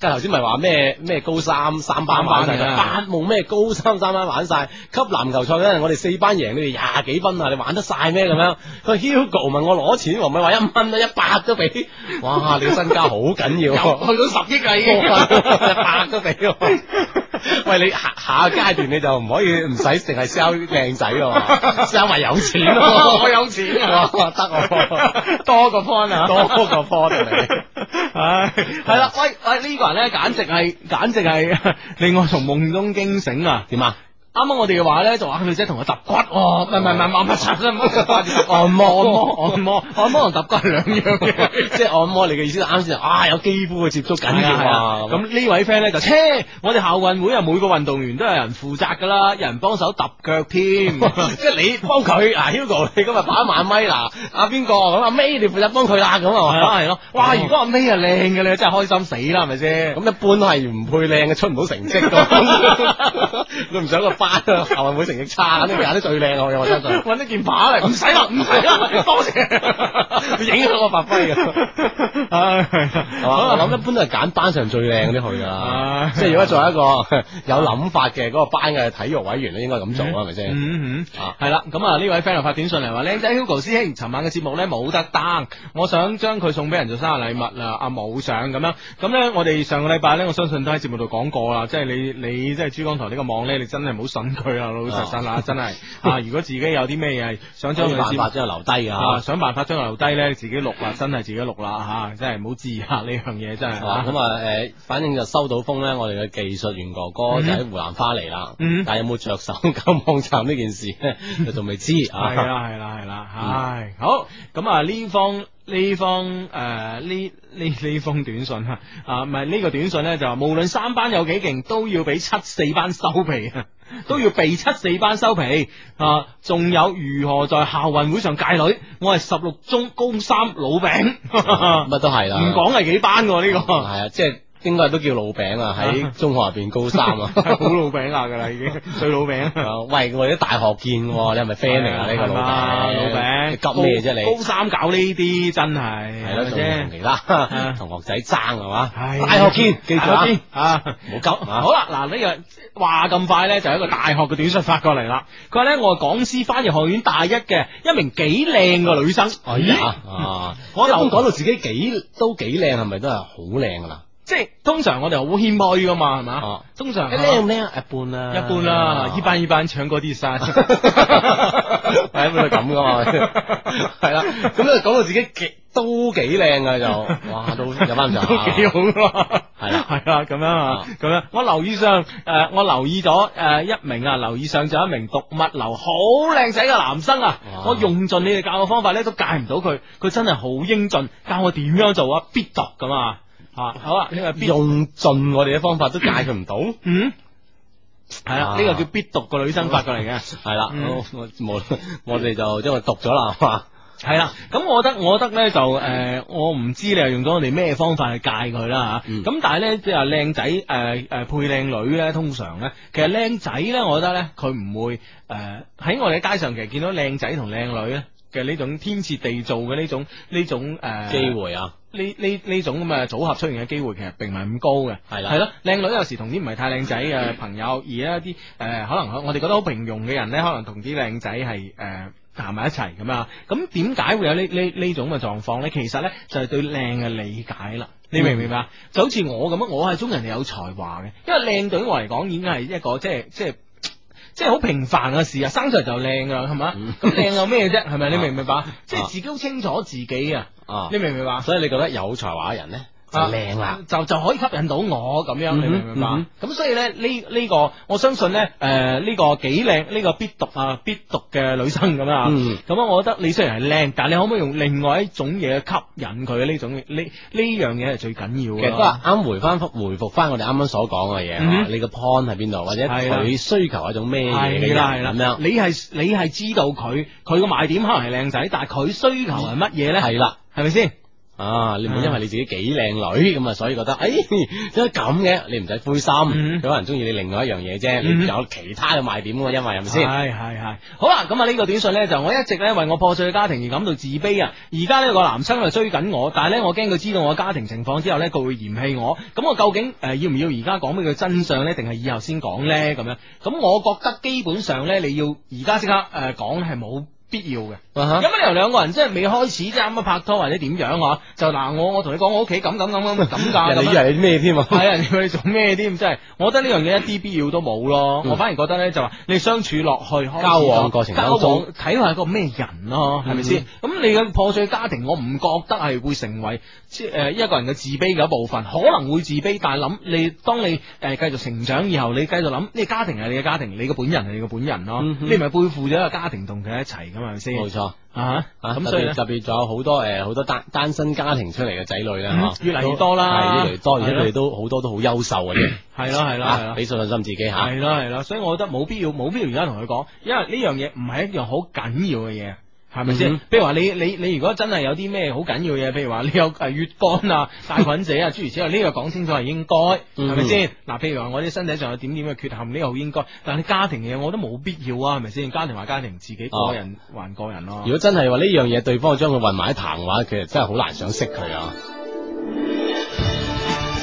頭先咪話咩咩高三三班班晒，的啊、八冇咩高三三班玩晒。級籃球賽咧，我哋四班贏你哋廿幾分啊！你玩得晒咩咁樣？佢 *laughs* Hugo 問我攞錢，我咪話一蚊啊，一百都俾。哇！你身家好緊要、啊，去到十億啊！已經 *laughs* 一百都俾。喂，你下下階段你就唔可以唔使淨係 sell 靚仔，sell 埋有錢咯、啊。 *laughs* 我有錢啊，得我 *laughs* 多個 point 啊，多個 point 嚟。唉，係啦，喂喂，呢、這個人。咧，簡直係，簡直係令我從夢中驚醒啊！點啊？啱啱我哋嘅話咧就話你即係同我揼骨哦，唔係唔係唔係唔好再掛住按摩按摩按摩按摩同揼骨係兩樣嘅，即係 *laughs* 按摩你嘅意思啱先啊有肌膚嘅接觸緊嘅，咁呢位 friend 咧就切，我哋校運會啊每個運動員都有人負責噶啦，有人幫手揼腳添， *laughs* 即係你幫佢，嗱、啊、Hugo 你今日跑一萬米嗱，阿邊個咁阿 May 你負責幫佢啦咁啊係咯，啊、哇如果阿 May 係靚嘅你真係開心死啦係咪先？咁、嗯、一般都係唔配靚嘅，出唔到成績咁，你唔 *laughs* 想班校運會成績差，咁你揀得最靚嘅去，我相信，揾得件扒嚟，唔使啦，唔使啦，多謝，影響我發揮嘅，係嘛？我諗一般都係揀班上最靚啲去噶，即係如果作為一個有諗法嘅嗰個班嘅體育委員咧，應該咁做啊，係咪先？嗯嗯，係啦，咁啊呢位 friend 發短信嚟話，靚仔 Hugo 師兄，尋晚嘅節目咧冇得登，我想將佢送俾人做生日禮物啦，啊冇相咁樣，咁咧我哋上個禮拜咧，我相信都喺節目度講過啦，即係你你即係珠江台呢個網咧，你真係唔好。信佢啊，老實實啦，真係。如果自己有啲咩嘢，想將佢辦法將留低啊，想辦法將佢留低咧，自己錄啦，真係自己錄啦吓，真係唔好自吓呢樣嘢真係。咁啊，誒，反正就收到風咧，我哋嘅技術員哥哥就喺湖南返嚟啦，但係有冇着手咁網站呢件事，仲未知。係啦，係啦，係啦，唉，好。咁啊，呢封呢封誒，呢呢呢封短信啊，唔係呢個短信咧就話，無論三班有幾勁，都要俾七四班收皮。都要被七四班收皮啊！仲有如何在校運會上界女？我係十六中高三老餅，乜、啊、都係啦。唔講係幾班噶，呢個係啊，即係、這個。嗯應該都叫老餅啊！喺中學入邊高三啊，好老餅啊噶啦，已經最老餅。喂，我哋大學見，你係咪 friend 嚟啊？呢個老餅，老餅急咩啫？你高三搞呢啲真係係啦同其他同學仔爭係嘛？大學見，記住啦，冇急。好啦，嗱呢個話咁快咧，就有一個大學嘅短信發過嚟啦。佢話咧，我係港師翻譯學院大一嘅一名幾靚嘅女生。咦？我能夠講到自己幾都幾靚，係咪都係好靚噶啦？即係通常我哋好謙卑噶嘛，係嘛？通常，靚唔靚？一半啦，一半啦，一班一班搶嗰啲衫，係咁噶嘛？係啦，咁啊講到自己幾都幾靚噶就，哇都有班上，都幾好咯，係啦，係啦咁樣啊，咁樣。我留意上誒，我留意咗誒一名啊，留意上有一名讀物流好靚仔嘅男生啊，我用盡你哋教嘅方法咧都戒唔到佢，佢真係好英俊，教我點樣做啊，必讀噶嘛。啊、好啦、啊，呢、呢個必用盡我哋嘅方法都解佢唔到，嗯，係啦了，呢、啊、個叫必讀個女生發過嚟嘅，係啦，我冇，我哋就因係讀咗啦，係嘛、嗯，係啦，咁我覺得我覺得咧就誒，我唔知你係用咗我哋咩方法去戒佢啦吓，咁但係咧即係話靚仔誒誒配靚女咧，通常咧，其實靚仔咧，我覺得咧，佢唔會誒喺、呃、我哋喺街上其實見到靚仔同靚女咧。嘅呢種天設地造嘅呢種呢種誒、呃、機會啊，呢呢呢種咁嘅組合出現嘅機會其實並唔係咁高嘅是的，係啦，係啦，靚女有時同啲唔係太靚仔嘅朋友，嗯、而家一啲誒、呃、可能我哋覺得好平庸嘅人咧，可能同啲靚仔係誒行埋一齊咁啊，咁點解會有呢呢呢種嘅狀況咧？其實咧就係、是、對靚嘅理解啦，你明唔明白？嗯、就好似我咁樣，我係中人哋有才華嘅，因為靚對於我嚟講，已經係一個即係即係。即係好平凡嘅事啊，生出嚟就靚噶啦，係嘛？咁靚有咩啫？係咪？你明唔明白？ *laughs* 啊、即係自己好清楚自己啊！啊你明唔明白？所以你覺得有才華嘅人咧？靚啦，就,就就可以吸引到我咁樣，嗯、哼你明嘛？咁、嗯、哼所以咧，呢、這、呢個我相信咧，誒、呃、呢、這個幾靚呢個必讀啊必讀嘅女生咁樣咁啊，嗯、我覺得你雖然係靚，但係你可唔可以用另外一種嘢吸引佢？呢種呢呢樣嘢係最緊要嘅。其實都係啱回翻復回復翻我哋啱啱所講嘅嘢，嗯、哼你個 point 係邊度，或者佢需求一種咩嘢嘅嘢？咁樣你係你係知道佢佢個賣點可能係靚仔，但係佢需求係乜嘢咧？係啦、嗯，係咪先？啊！你唔好因為你自己幾靚女咁啊，嗯、所以覺得誒，點解咁嘅，你唔使灰心，嗯、有人中意你另外一樣嘢啫，嗯、你有其他嘅賣點噶因為係咪先？係係係。好啦，咁啊呢個短信呢，就我一直咧因為我破碎嘅家庭而感到自卑啊。而家呢個男生就追緊我，但係呢，我驚佢知道我家庭情況之後呢，佢會嫌棄我。咁我究竟誒、呃、要唔要而家講俾佢真相呢？定係以後先講呢？咁樣咁我覺得基本上呢，你要而家即刻誒講係冇必要嘅。.咁、uh huh。就是，啊！由兩個人真係未開始，即係啱啱拍拖或者點樣啊？就嗱，我我同你講，我屋企咁咁咁咁咁架，人以為你咩添？係人以為你做咩添？即係 *laughs* 我覺得呢樣嘢一啲必要都冇咯。嗯、我反而覺得咧就話，是，你相處落去交往過程當中，睇係往往個咩人咯，啊，係咪先？咁你嘅破碎家庭，我唔覺得係會成為即誒一個人嘅自卑嘅一部分。可能會自卑，但係諗你當你誒繼，呃，續成長以後，你繼續諗，呢個家庭係你嘅家庭，你嘅本人係你嘅本人咯，啊。嗯嗯你咪背負咗一個家庭同佢一齊咁係先？冇錯。啊啊！咁、啊啊、所以特別，仲有好多誒，好多單單身家庭出嚟嘅仔女咧，嗬、啊嗯，越嚟越多啦，係都越嚟多，了而且佢哋都好多都好優秀嘅，係咯係咯係咯，啊、了畀信心自己吓？係咯係咯，所以我覺得冇必要冇必要而家同佢講，因為呢樣嘢唔係一樣好緊要嘅嘢。係咪先？嗯、哼比如話你你你如果真係有啲咩好緊要嘅嘢，譬如話你有誒乙肝啊、帶菌者啊，諸、嗯、哼如此類，呢、這個講清楚係應該，係咪先？嗱、嗯哼，譬如話我啲身體上有點點嘅缺陷，呢、這個好應該。但係家庭嘅嘢，我都冇必要啊，係咪先？家庭話家庭，自己個人還個人咯、啊啊。如果真係話呢樣嘢，對方將佢混埋一談嘅話，其實真係好難想識佢啊！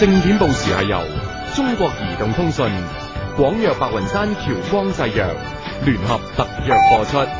正點報時係由中國移動通信、廣藥白雲山、僑光製藥聯合特約播出。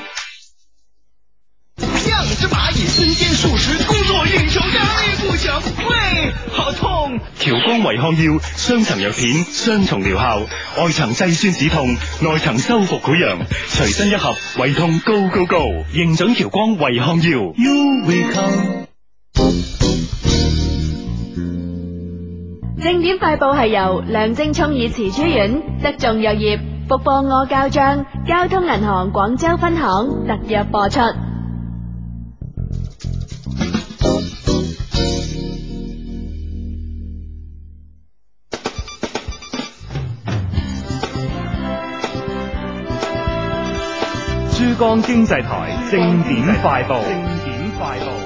這螞蟻身兼數十工作，應酬壓力不小，喂，好痛！調光為抗藥雙層藥片，雙重療效，外層制酸止痛，內層修復潰瘍，隨身一合胃痛高高高,高認準調光為抗藥。You will come。正點快報係由梁正聰以慈珠苑德眾藥業、福報我教章、交通銀行廣州分行特約播出。光經濟台正點快報。正點快報。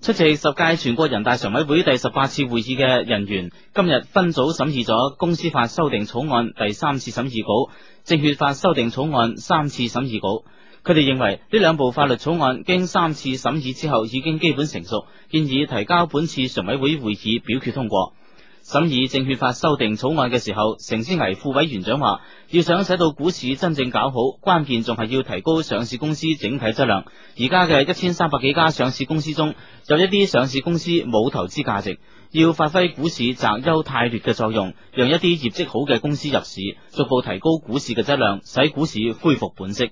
出席十屆全國人大常委會第十八次會議嘅人員今日分組審議咗公司法修訂草案第三次審議稿、證券法修訂草案三次審議稿。佢哋認為呢兩部法律草案經三次審議之後已經基本成熟，建議提交本次常委會會議表決通過。審議證券法修訂草案嘅時候，成思危副委員長話，要想使到股市真正搞好，關鍵仲係要提高上市公司整體質量。而家嘅一千三百幾家上市公司中，有一啲上市公司冇投資價值。要發揮股市擇優汰劣嘅作用，讓一啲業績好嘅公司入市，逐步提高股市嘅質量，使股市恢復本色。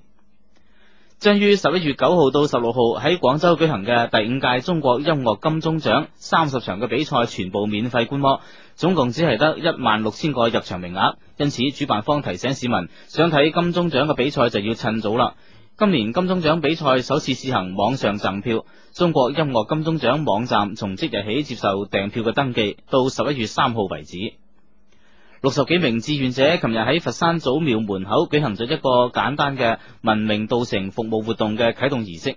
將於十一月九號到十六號喺廣州舉行嘅第五屆中國音樂金鐘獎，三十場嘅比賽全部免費觀摩。總共只係得一萬六千個入場名額，因此主辦方提醒市民，想睇金鐘獎嘅比賽就要趁早啦。今年金鐘獎比賽首次試行網上贈票，中國音樂金鐘獎網站從即日起接受訂票嘅登記，到十一月三號為止。六十幾名志願者琴日喺佛山祖廟門口舉行咗一個簡單嘅文明道成服務活動嘅啟動儀式。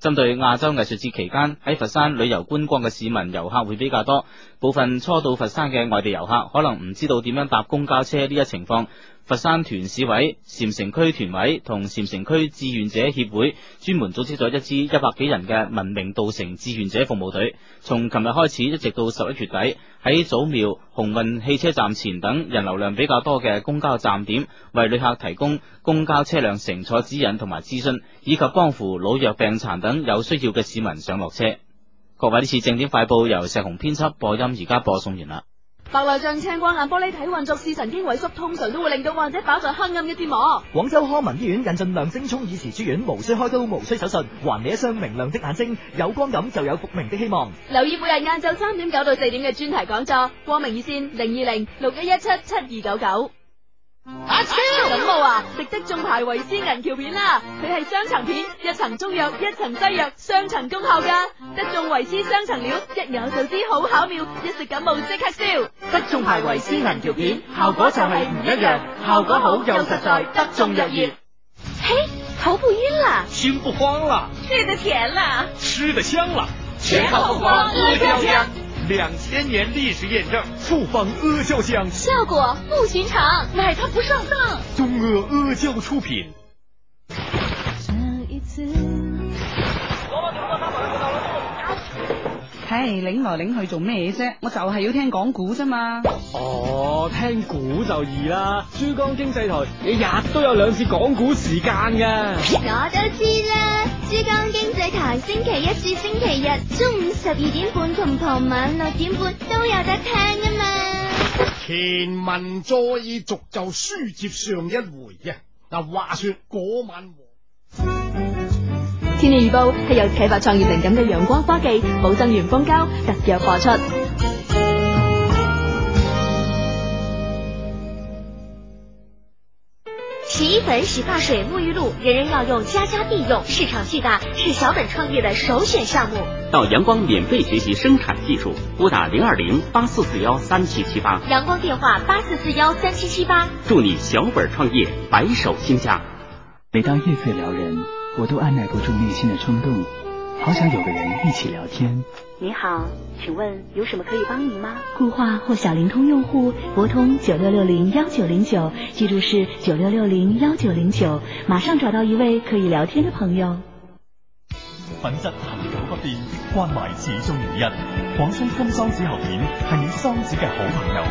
針對亞洲藝術節期間喺佛山旅遊觀光嘅市民、遊客會比較多，部分初到佛山嘅外地遊客可能唔知道點樣搭公交車呢一情況。佛山團市委禪城區團委同禪城區志願者協會專門組織咗一支一百幾人嘅文明導乘志願者服務隊，從琴日開始一直到十一月底，喺祖廟、鴻運汽車站前等人流量比較多嘅公交站點，為旅客提供公交車輛乘坐指引同埋諮詢，以及幫扶老弱病殘等有需要嘅市民上落車。各位呢次正點快報由石紅編輯播音，而家播送完啦。白內障、青光眼、玻璃體混濁、視神經萎縮，通常都會令到患者飽受黑暗的折磨。廣州康民醫院引進亮睛聰，耳時住院，無需開刀，無需手術，還你一雙明亮的眼睛。有光感就有復明的希望。留意每日晏晝三點九到四點嘅專題講座，光明熱線零二零六一一七七二九九。發燒感冒啊，食得眾牌維 C 銀翹片啦，佢係雙層片，一層中藥，一層西藥，雙層功效噶，得眾維 C 雙層料，一有就知好巧妙，一食感冒即刻消。得眾牌維 C 銀翹片，效果就係唔一樣，效果好又實在，得眾藥業。嘿，頭不暈啦心不慌啦睡得甜啦吃得香了，健康又健康。兩千年歷史驗證，複方阿膠漿效果不尋常，買它不上當。東阿阿膠出品。係拎、hey, 來拎去做咩啫？我就係要聽講古啫嘛。哦，聽古就易啦。珠江經濟台，你日都有兩次講古時間㗎。我都知啦，珠江經濟台星期一至星期日中午十二點半同傍晚六點半都有得聽㗎嘛。前文再續，就書接上一回啊。嗱，話說嗰晚。天氣預報係由啟發創業靈感嘅陽光科技寶鎮元芳交特約播出。洗衣粉、洗髮水、沐浴露，人人要用，家家必用，市場巨大，是小本創業的首選項目。到陽光免費學習生產技術，撥打零二零八四四幺三七七八。陽光電話八四四幺三七七八。祝你小本創業白手興家。每當夜色撩人。我都按捺不住內心的衝動，好想有個人一起聊天。你好，請問有什麼可以幫您嗎？固話或小靈通用戶撥通九六六零幺九零九，09, 記住是九六六零幺九零九，09, 馬上找到一位可以聊天的朋友。品質恒久不變，關懷始終如一。廣西金桑子喉片係你桑子嘅好朋友。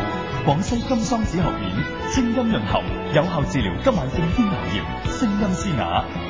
廣西金桑子喉片，清音潤喉，有效治療急慢性咽喉炎，聲音嘶啞。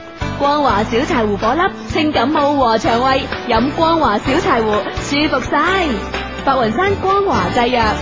光華小柴胡顆粒，清感冒和腸胃，飲光華小柴胡，舒服晒。白雲山光華製藥。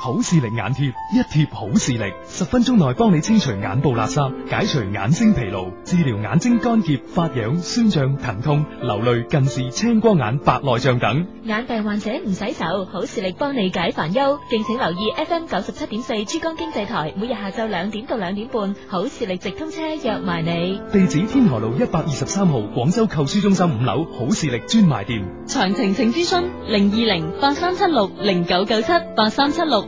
好視力眼貼，一貼好視力，十分鐘內幫你清除眼部垃圾，解除眼睛疲勞，治療眼睛乾澀、發癢、酸脹、疼痛、流淚、近視、青光眼、白內障等。眼病患者唔洗手，好視力幫你解煩憂。敬請留意 FM 九十七點四珠江經濟台，每日下晝兩點到兩點半，好視力直通車約埋你。地址：天河路一百二十三號廣州購書中心五樓好視力專賣店。詳情請諮詢零二零八三七六零九九七八三七六。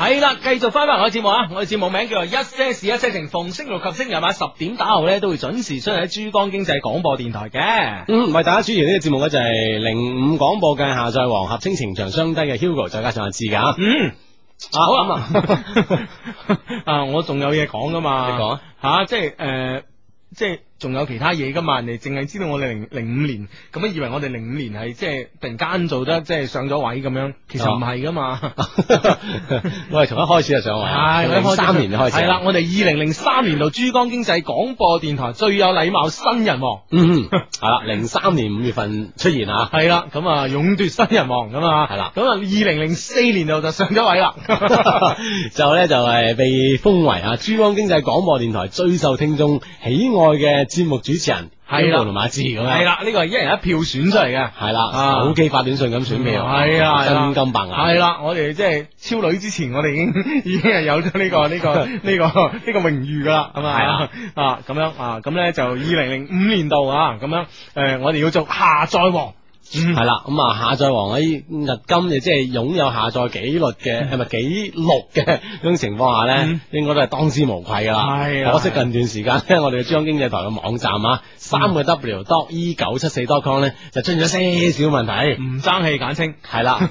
係啦，繼續翻返我嘅節目啊！我哋節目名叫做《一些事一些情》，逢星六及星日晚十點打後咧都會準時出喺珠江經濟廣播電台嘅。嗯，為大家主持呢、這個節目嘅就係零五廣播界下載王合清情場相低嘅 Hugo，再加上阿志嘅。嗯，啊好啊，好啊，我仲有嘢講噶嘛？你講吓、啊啊，即係誒、呃，即係。仲有其他嘢噶嘛？人哋淨係知道我哋零零五年咁樣，以為我哋零五年係即係突然間做得即係上咗位咁樣，其實唔係噶嘛。哦、 *laughs* *laughs* 我係從一開始就上位，係、哎、三年就開始，係啦。我哋二零零三年度珠江經濟廣播電台最有禮貌新人王， *laughs* 嗯，係啦，零三年五月份出現啊。係 *laughs* 啦，咁啊，勇奪新人王咁啊。係啦，咁啊，二零零四年度就上咗位啦。 *laughs* *laughs* 就咧就係被封為啊珠江經濟廣播電台最受聽眾喜愛嘅，節目主持人，係啦，同馬志咁樣，係啦，呢個係一人一票選出嚟嘅，係啦，手機發短信咁選票，係啦，真金白銀，係啦，我哋即係超女之前，我哋已經已經係有咗呢個呢個呢個呢個榮譽噶啦，咁啦啊咁樣啊，咁咧就二零零五年度啊，咁樣，誒，我哋要做下載王，係啦，咁啊下載王喺日今就即係擁有下載紀錄嘅，係咪紀錄嘅種情況下咧，應該都係當之無愧噶啦。係，可惜近段時間咧，我哋嘅珠江經濟台嘅網站啊，三個 W dot e 九七四 dot com 咧，就出咗些少問題，唔爭氣，簡稱係啦。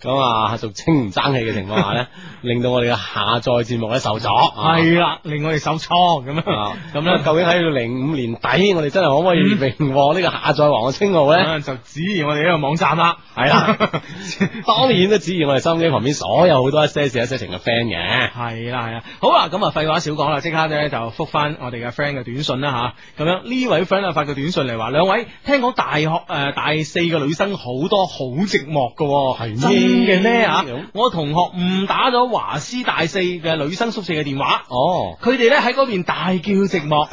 咁啊，俗稱唔爭氣嘅情況下咧，令到我哋嘅下載節目咧受阻，係啦，令我哋受挫咁樣。咁咧，究竟喺零五年底，我哋真係可唔可以榮獲呢個下載王嘅稱號咧？就只。指意我哋呢個網站啦，係啦、啊， *laughs* 當然都指意我哋收音機旁邊所有好多一些事一些情嘅 friend 嘅，係啦係啦，好啦、啊，咁廢話少講啦，即刻咧就覆翻我哋嘅 friend 嘅短信啦吓，咁、啊、樣呢位 friend 啊發個短信嚟話，兩位聽講大學誒、呃、大四嘅女生好多好寂寞嘅、哦，係嗎真嘅咩啊？我同學誤打咗華師大四嘅女生宿舍嘅電話，哦，佢哋咧喺嗰邊大叫寂寞，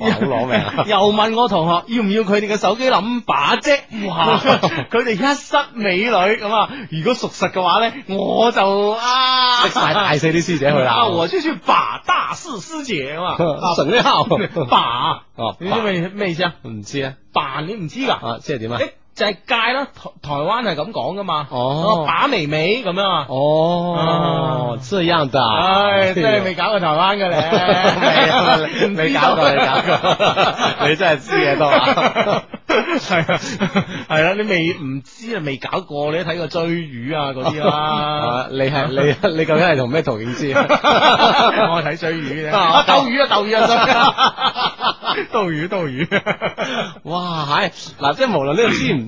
又攞 *laughs* *laughs* 命、啊，又問我同學要唔要佢哋嘅手機諗阿、啊、姐，哇！佢哋 *laughs* 一室美女咁啊！如果屬實嘅話咧，我就食晒、啊、 *laughs* 大四啲師姐去啦。 *laughs* 啊我先 *laughs* 一口 *laughs* 爸大師師姐係嘛，純愛好。大哦，你知咩咩爸意思？啊，唔知啊，爸你唔知噶？啊，即係點啊？欸就係街啦，台灣係咁講噶嘛？哦，把眉尾咁樣啊？哦，這樣的唉，真係未搞過台灣嘅咧，未搞過，你搞過，你真係知嘢多，係啊，係啦，你未唔知啊？未搞過，你都睇過追魚啊嗰啲啦。你係你你究竟係同咩途徑先？我睇追魚嘅，鬥魚啊，鬥魚啊，鬥魚，鬥魚，鬥魚。哇，係嗱，即係無論呢個先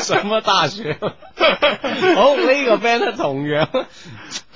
上乜打算？ *laughs* *laughs* 好呢、呢個 band 咧，同樣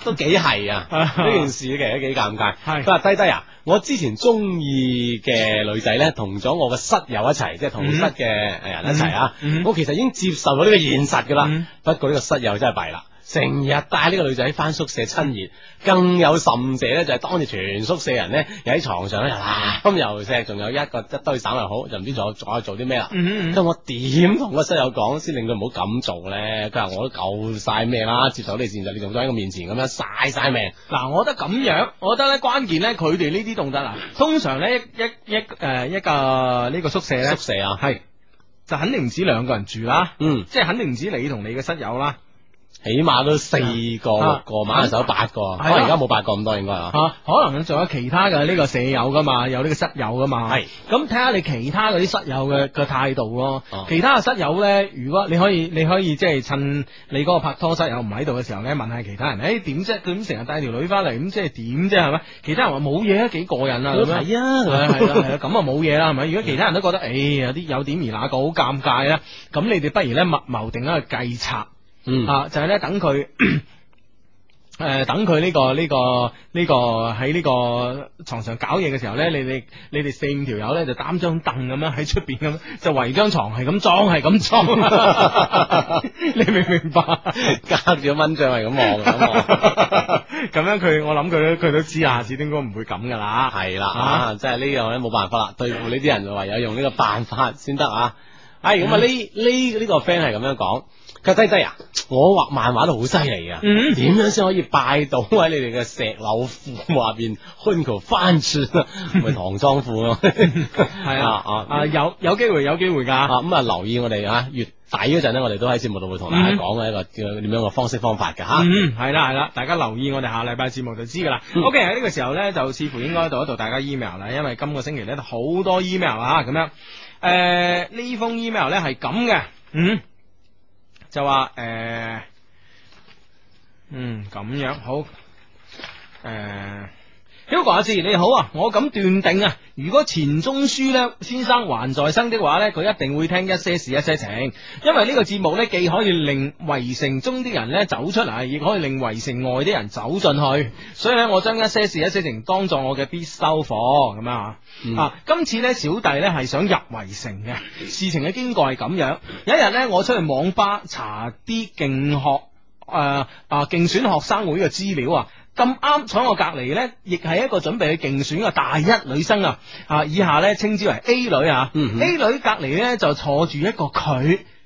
都幾係啊！呢 *laughs* 件事其實都幾尷尬。係佢話：低低啊！我之前中意嘅女仔咧，同咗我個室友一齊，即係同室嘅人一齊啊！嗯、我其實已經接受咗呢個現實㗎啦。嗯、不過呢個室友真係弊啦。成日帶呢個女仔返宿舍親熱，更有甚者咧就係當住全宿舍人咧喺床上啦、啊。咁遊石仲有一個一堆省良好，就唔知仲有再做啲咩啦。咁嗯嗯我點同個室友講先令佢唔好咁做咧？佢話我都夠晒咩啦，接受你啲事就你仲喺我面前咁樣晒晒命。嗱，嗯、我覺得咁樣，我覺得咧關鍵咧佢哋呢啲動得啦，通常咧一一誒一個呢個，個，個，呢個宿舍咧，宿舍啊係就肯定唔止兩個人住啦。嗯，即係肯定唔止你同你嘅室友啦。起碼都四個、啊、個，馬八個，啊、可能現在沒有八個那麼多，但係而家冇八個咁多應該啊。可能仲有其他嘅呢、呢個舍友噶嘛，有呢個室友噶嘛。係是，咁睇下你其他嗰啲室友嘅嘅態度咯。啊、其他嘅室友咧，如果你可以，你可以即係趁你嗰個拍拖室友唔喺度嘅時候咧，問下其他人，誒點啫？佢咁成日帶條女翻嚟，咁即係點啫？係咪？其他人話冇嘢啊，幾過癮啊咁樣。係啊，係啦，係啦，咁啊冇嘢啦，係咪、啊啊啊？如果其他人都覺得，誒有啲有點而哪個好尷尬咧，咁你哋不如咧密謀定一個計策。嗯啊，就係、是、咧等佢，誒、呃、等佢呢、呢個呢、呢個呢、呢個喺呢個床上搞嘢嘅時候咧，你你哋四五條友咧就擔張凳咁樣喺出邊咁，就圍張床係咁裝係咁裝，你明唔明白嗎？隔住 *laughs* 蚊帳係咁望咁望，咁 *laughs* 樣佢我諗佢佢都知，下次應該唔會咁噶啦。係啦、啊啊啊，啊，真係呢樣咧冇辦法啦，對付呢啲人就唯有用呢個辦法先得啊。哎，咁啊呢呢呢個 friend 係咁樣講。架低低啊！我畫漫畫都好犀利啊！點樣先可以拜到喺你哋嘅石榴褲下邊勸佢返轉啊？咪唐裝褲咯，係啊啊！有有機會，有機會噶咁啊！啊留意我哋啊，月底嗰陣咧，我哋都喺節目度會同大家講嘅一個叫點、嗯、樣嘅方式方法㗎、啊。吓。嗯，係啦係啦，大家留意我哋下禮拜節目就知噶啦。嗯、OK，喺呢個時候咧，就似乎應該度一度大家 email 啦，因為今個星期咧好多 email 啊，咁樣誒，呃、封呢封 email 咧係咁嘅，嗯。就話誒、呃，嗯，咁樣好誒。呃小哥阿志你好啊，我咁斷定啊，如果錢鍾書呢，先生還在生的話呢，佢一定會聽一些事一些情，因為呢個節目呢，既可以令圍城中啲人呢走出嚟，亦可以令圍城外啲人走進去，所以呢，我將一些事一些情當作我嘅必修課咁樣啊。mm hmm. 啊。今次呢，小弟呢係想入圍城嘅事情嘅經過係咁樣有一日呢，我出去網吧查啲競學誒、呃、啊競選學生會嘅資料啊。咁啱坐我隔離呢，亦係一個準備去競選嘅大一女生啊！啊，以下呢稱之為 A 女啊、嗯、哼，A 女隔離呢，就坐住一個佢，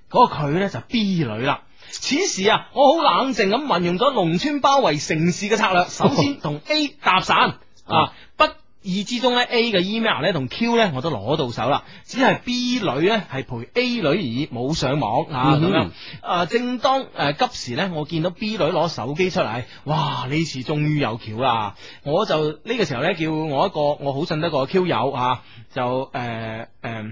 嗰、嗰個佢呢，就 B 女啦。此時啊，我好冷靜咁運用咗農村包圍城市嘅策略，首先同 A 搭訕啊，嗯、不。意之中咧，A 嘅 email 咧同 Q 咧，我都攞到手啦。只係 B 女咧係陪 A 女而冇上網啊咁樣。啊、嗯哼，正當誒急時咧，我見到 B 女攞手機出嚟，哇！呢次終於有橋啦。我就呢、呢個時候咧，叫我一個我好信得過嘅 Q 友啊，就誒誒。呃呃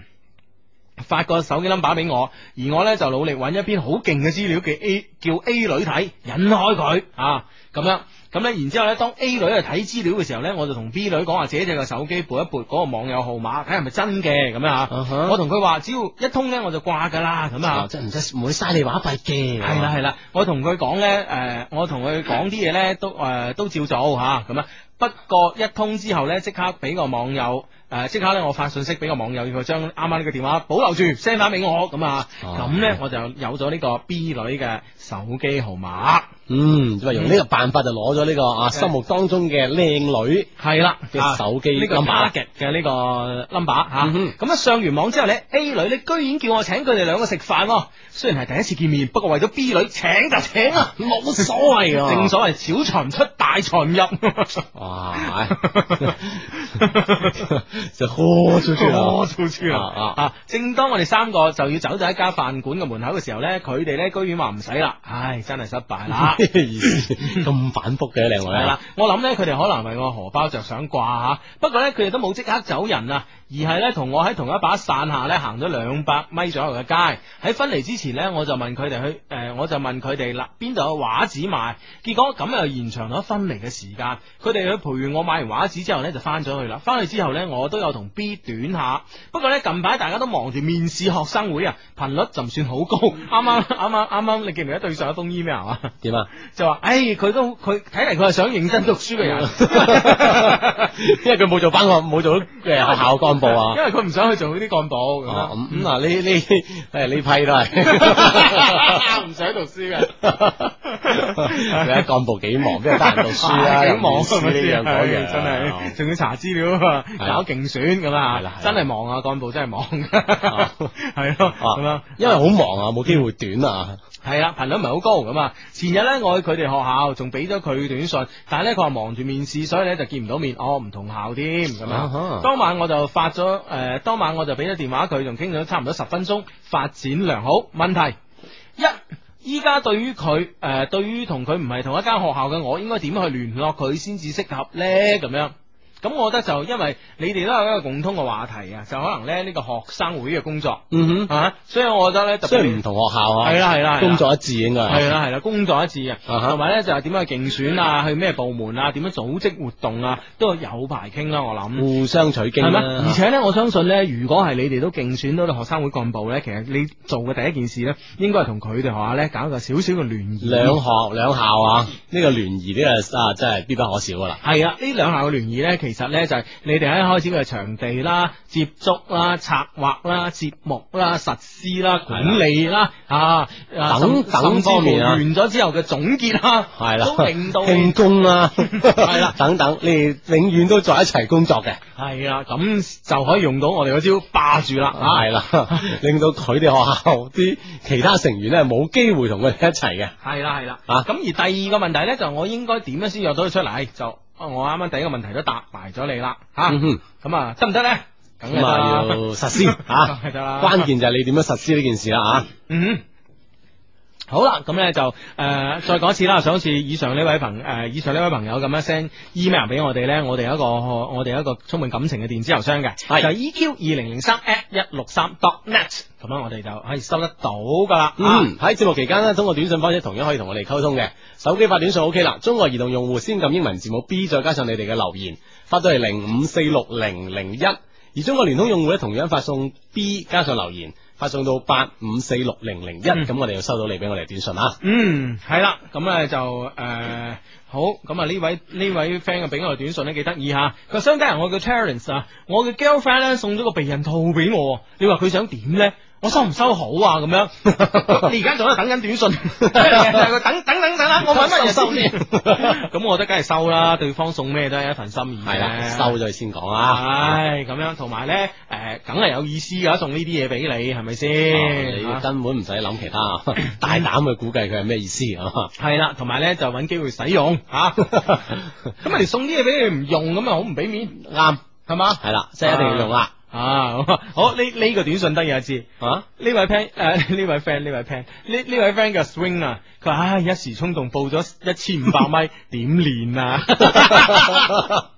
發個手機 number 俾我，而我呢就努力揾一篇好勁嘅資料，叫 A 叫 A 女睇，引開佢啊，咁樣，咁呢。然之後呢當 A 女去睇資料嘅時候呢，我就同 B 女講話，自己嘅手機撥一撥嗰個網友號碼，睇係咪真嘅，咁樣啊，uh huh. 我同佢話只要一通呢，我就掛噶啦，咁、呃、的啊，即唔使唔會嘥你話費嘅，係啦係啦，我同佢講呢，誒，我同佢講啲嘢呢都誒都照做吓，咁啊，不過一通之後呢，即刻俾個網友。誒，即、呃、刻咧，我發信息俾個網友，叫佢將啱啱呢個電話保留住，send 翻俾我。咁啊，咁咧我就有咗呢個 B 女嘅手機號碼。嗯，就用呢個辦法就攞咗呢個啊，心目當中嘅靚女係啦嘅手機 number 嘅呢個 number 啊。咁一上完網之後咧，A 女咧居然叫我請佢哋兩個食飯、哦。雖然係第一次見面，不過為咗 B 女，請就請啊，冇、啊、所謂。啊、正所謂小財出大財入。哇！就呵住出啦，呵住啊！啊，正當我哋三個就要走到一家飯館嘅門口嘅時候呢，佢哋呢居然話唔使啦，唉，真係失敗啦！咁 *laughs* 反覆嘅靚女，係啦，我諗呢，佢哋可能為我荷包着想掛吓，不過呢，佢哋都冇即刻走人啊，而係呢，同我喺同一把傘下呢，行咗兩百米左右嘅街，喺分離之前呢、呃，我就問佢哋去，誒，我就問佢哋啦，邊度有畫紙賣？結果咁又延長咗分離嘅時間。佢哋去陪完我買完畫紙之後呢，就翻咗去啦。翻去之後呢，我。我都有同 B 短下，不過咧近排大家都忙住面試學生會啊，頻率就唔算好高。啱啱啱啱，你記唔記得對上一封 email 啊？點啊？就話，哎，佢都佢睇嚟佢係想認真讀書嘅人，因為佢冇做班課，冇做誒學校嘅幹部啊。因為佢唔想去做呢啲幹部。咁嗱，呢呢批都係，唔想讀書嘅。佢啲幹部幾忙，邊度得閒讀書啊？忙啊嘛，呢樣嗰樣，真係仲要查資料啊。極。競選咁啊，真係忙啊，幹部真係忙，係咯，咁樣，因為好忙啊，冇機、啊、會短啊，係啦，頻率唔係好高咁啊。前日呢，我去佢哋學校，仲俾咗佢短信，但係呢，佢話忙住面試，所以呢，就見唔到面，我、哦、唔同校添，咁樣、啊哈呃。當晚我就發咗，誒，當晚我就俾咗電話佢，仲傾咗差唔多十分鐘，發展良好。問題一，依家對於佢，誒、呃，對於同佢唔係同一間學校嘅我，應該點去聯絡佢先至適合呢？咁樣。咁我覺得就因為你哋都有一個共通嘅話題啊，就可能咧呢個學生會嘅工作，嗯哼、啊，所以我覺得咧，雖然唔同學校、啊，係啦係啦，啊啊啊、工作一致應該係啦係啦，工作一致啊，埋呢？就係、係、點樣競選啊，去咩部門啊，點樣組織活動啊，都有排傾啦、啊，我諗互相取經、啊嗎啊、而且呢，我相信呢，如果係你哋都競選到學生會幹部呢，其實你做嘅第一件事呢，應該係同佢哋學校咧搞一個少少嘅聯誼，兩學兩校啊，呢個聯誼呢個啊真係必不可少噶啦。係啊，呢兩校嘅聯誼呢，其實。其實咧就係你哋喺一開始嘅場地啦、接觸啦、策劃啦、節目啦、實施啦、管理啦啊等等方面完咗之後嘅總結啦，係啦，都令到慶功啦，係啦等等，你哋永遠都在一齊工作嘅，係啦，咁就可以用到我哋嗰招霸住啦，係啦，令到佢哋學校啲其他成員咧冇機會同佢哋一齊嘅，係啦係啦，啊咁而第二個問題咧就係我應該點樣先約到佢出嚟就？我啱啱第一個問題都答埋咗你啦，吓，嗯哼，咁啊得唔得咧？咁啊要實施吓，係得啦，關鍵就係你點樣實施呢件事啦、啊，吓、嗯。嗯哼。好啦，咁呢就誒、呃，再講一次啦，上一次以上呢位朋誒、呃，以上呢位朋友咁一聲 email 俾我哋呢，我哋有一個我哋有一個充滿感情嘅電子郵箱嘅，係是 e q 二零零三 at 一六三 dot net，咁樣我哋就可以收得到噶啦。啊、嗯，喺節目期間呢，通過短信方式同樣可以同我哋溝通嘅，手機發短信 OK 啦。中國移動用戶先撳英文字母 B，再加上你哋嘅留言，發到嚟零五四六零零一。而中國聯通用戶咧，同樣發送 B 加上留言。發送到八五四六零零一，咁我哋又收到你俾我哋短信啦。嗯，係啦，咁咧就誒、呃、好，咁啊呢位呢位 friend 啊俾我哋短信咧幾得意吓，佢話加人，我叫 c h a n c e 啊，我嘅 girlfriend 咧送咗個避孕套俾我，你話佢想點咧？我收唔收好啊？咁樣你而家仲喺等緊短信，等等等等，我搵乜嘢收先？咁我覺得梗係收啦，對方送咩都係一份心意。係啦，收咗先講啦。係，咁樣，同埋咧，誒，梗係有意思噶，送呢啲嘢俾你，係咪先？你根本唔使諗其他，大膽去估計佢係咩意思啊？係啦，同埋咧就搵機會使用吓。咁人哋送啲嘢俾你唔用，咁咪好唔俾面？啱係嘛？係啦，即係一定要用啦。啊，好呢呢、呢個短信得嘢一志，啊呢位 pen 誒呢位 friend 呢位 pen 呢呢位 friend 嘅 swing 啊，佢話唉一時衝動報咗一千五百米，點練啊？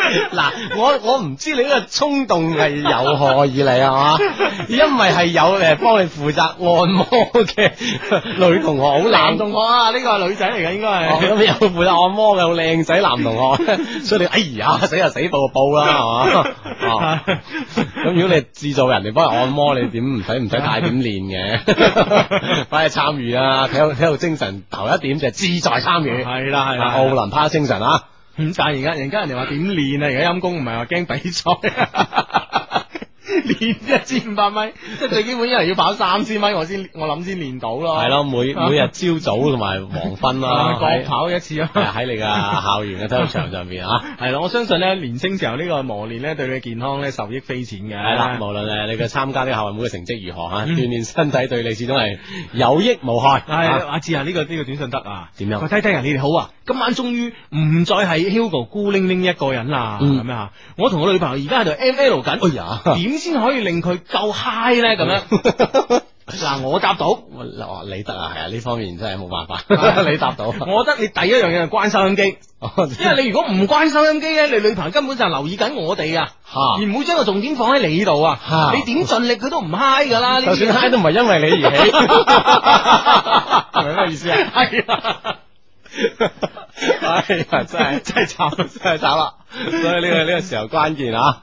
嗱，我我唔知你呢個衝動係由何以嚟啊？吓， *laughs* 因為係有誒幫你負責按摩嘅女同學，好男同學啊？呢個係女仔嚟嘅，應該係咁有負責按摩嘅，好靚仔男同學，所以你哎呀死就死，報就報啦，係嘛、 *laughs* 哦？咁如果你製造人哋幫你，你按摩，你點唔使唔使帶點練嘅？ *laughs* 快去參與啊！體體育精神，頭一點就係志在參與，係啦係啦，奧林匹克精神啊！但係而家人家人哋，話點練啊，而家陰功，唔係話驚比賽啊。練一千五百米，即係最基本，因人要跑三千米我，我先我諗先練到咯。係咯， *laughs* 每每日朝早同埋黃昏啦，各 *laughs* 跑一次咯，啊，喺你嘅校園嘅體育場上邊吓，係啦。 *laughs* 我相信咧，年輕時候呢個磨練咧，對你嘅健康咧，受益非淺嘅。係啦，無論你嘅參加啲校運會嘅成績如何吓，鍛煉、嗯、身體對你始終係有益無害。嗯、阿志啊、呢、這個呢、這個短信得啊，點樣？我睇睇啊，你哋好啊，今晚終於唔再係 Hugo 孤零零一個人啦，咁樣吓，我同我女朋友而家喺度 M L 緊，哎呀，點？先可以令佢夠嗨呢，咧，咁樣嗱，我答到，你得啊，係啊，呢方面真係冇辦法，你答到，我覺得你第一樣嘢係關收音機，因為你如果唔關收音機咧，你女朋友根本就係留意緊我哋啊，而唔會將個重點放喺你度啊，你點盡力佢都唔嗨㗎噶啦，就算嗨都唔係因為你而起，係咪咩意思啊？係啊，係啊，真係真係慘，真係慘啦，所以呢個呢個時候關鍵啊。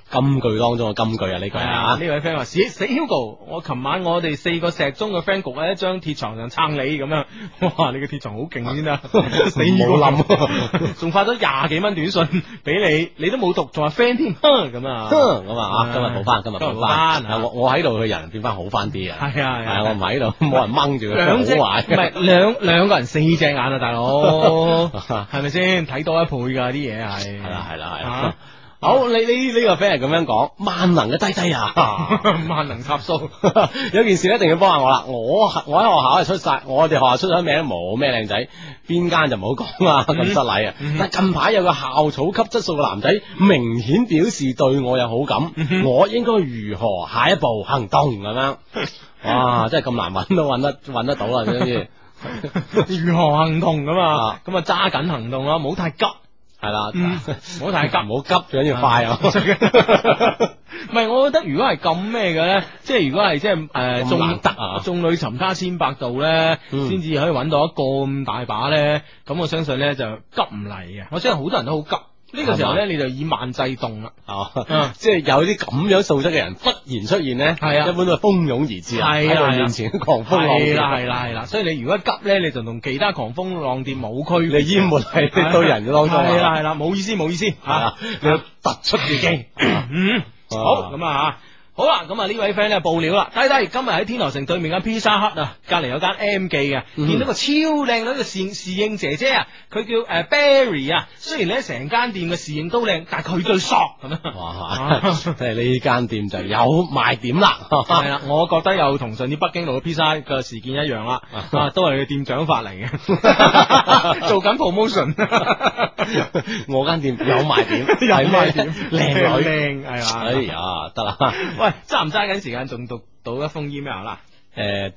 金句當中嘅金句啊！呢句啊！呢位 friend 話：死死 Hugo，我琴晚我哋四個石中嘅 friend 焗喺一張鐵床上撐你咁樣，哇！你個鐵床好勁先啦，死冇諗，仲發咗廿幾蚊短信俾你，你都冇讀，仲話 friend 添，咁啊，咁啊，今日好翻，今日變翻，我喺度嘅人變翻好翻啲啊，係啊係啊，我唔喺度，冇人掹住佢，兩隻唔係兩兩個人四隻眼啊，大佬，係咪先睇多一倍噶啲嘢係，係啦係啦係。好、oh,，你你呢個 friend 咁樣講，萬能嘅低低啊， *laughs* 萬能插數， *laughs* 有件事一定要幫下我啦。我喺我喺學校係出晒，我哋學校出咗名，冇咩靚仔，邊間就唔好講啦，咁失禮啊。但近排有個校草級質素嘅男仔，明顯表示對我有好感，mm hmm. 我應該如何下一步行動咁、啊、樣？ *laughs* 哇，真係咁難搵都搵得揾得到啦，等於 *laughs* *laughs* 如何行動咁嘛？咁啊，揸緊 *laughs* 行動啦，唔好太急。係啦，唔好、嗯、太急，唔好急，最緊要快啊！唔係、嗯， *laughs* *laughs* 我覺得如果係咁咩嘅咧，即係如果係即係誒，眾、呃、得、啊，眾裏尋他千百度咧，先至、嗯、可以揾到一個咁大把咧，咁我相信咧就急唔嚟嘅。我相信好多人都好急。呢個時候咧，你就以慢制動啦。哦，即係有啲咁樣素質嘅人忽然出現咧，係啊，一般都係蜂擁而至啊，喺佢面前狂風浪。係啦，係啦，係啦，所以你如果急咧，你就同其他狂風浪蝶冇區別，你淹沒係對人嘅當中。係啦，係啦，冇意思，冇意思吓，你要突出自己。嗯，好，咁啊吓。好啦，咁啊呢位 friend 咧報料啦，低低今日喺天河城對面間 pizza hut 啊，隔籬有間 M 記啊，見到一個超靚女嘅侍侍應姐姐啊，佢叫誒 Barry 啊，雖然咧成間店嘅侍應都靚，但係佢最索咁樣。哇，即係呢間店就有賣點啦。係了啊，我覺得又同上次北京路嘅 pizza 嘅事件一樣啦，啊，都係佢店長發嚟嘅， *laughs* 做緊 promotion。 *laughs* *laughs* 我間店有賣點， *laughs* 有賣點，靚女，靚係嘛？哎呀，得啦。 *laughs* 喂，揸唔揸緊時間？仲讀到一封 email 啦。誒、呃、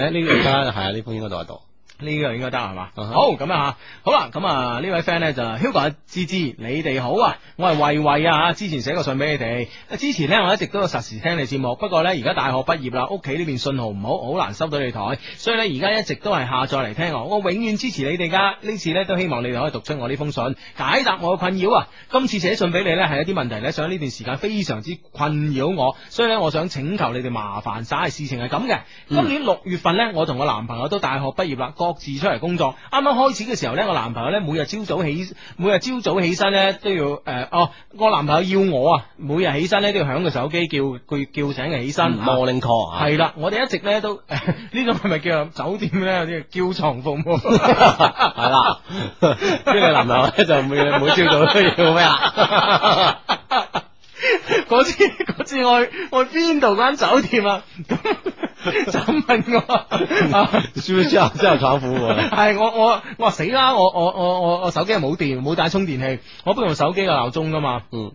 短誒，而家係啊，呢、哎、 *coughs* 封應該讀喺度呢個應該得係嘛？好，咁樣吓好啦，咁呢位 friend 呢，就 Hugo 芝芝，你哋好啊！我係維維啊，之前寫過信俾你哋。之前呢，我一直都有實時聽你節目，不過呢，而家大學畢業啦，屋企呢邊信號唔好，好難收到你台，所以呢，而家一直都係下載嚟聽我。我永遠支持你哋噶，呢次呢，都希望你哋可以讀出我呢封信，解答我嘅困擾啊！今次寫信俾你呢，係一啲問題呢，想呢段時間非常之困擾我，所以呢，我想請求你哋麻煩晒。事情係咁嘅，嗯、今年六月份呢，我同我男朋友都大學畢業啦，各自出嚟工作。啱啱開始嘅時候咧，我男朋友咧每日朝早起，每日朝早起身咧都要誒、呃，哦，我男朋友要我啊，每日起身咧都要響個手機叫佢叫醒佢起身，Morning call。係啦、嗯，我哋一直咧都呢個係咪叫酒店咧有啲叫床服務？係啦，即係男朋友咧就每每朝早都要咩啦？嗰 *laughs* *laughs* *laughs* 次，嗰次我去我邊度間酒店啊？ *laughs* *laughs* 就咁問我，咗之啊， *laughs* 會會之後闖苦喎！係我我我話死啦！我我我我我，我，我手機又冇電，冇帶充電器，我不用手機嘅鬧鐘噶嘛。嗯，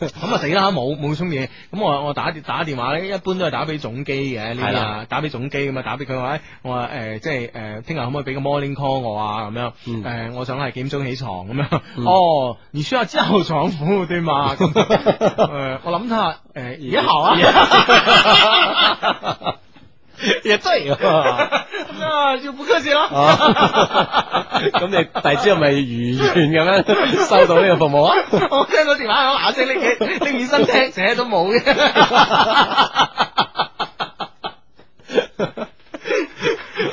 咁 *laughs* 啊死啦！冇冇充電器，咁我我打打電話咧，一般都係打俾總機嘅。係啦的，打俾總機咁啊，打俾佢話，我話、呃、即係聽日可唔可以俾個 morning call 我啊？咁樣、嗯呃、我想係幾點鐘起床咁樣。嗯、哦，而舒啊，之係闖苦對嘛、 *laughs* 呃！我諗下誒，而、呃、家 *laughs* 好啊。 *laughs* 亦都啊，就、啊、不客氣咯。咁你第朝係咪如願咁樣收到呢個服務啊？ *laughs* 我聽到電話響，立即拎起拎起身聽，成日都冇嘅。 *laughs*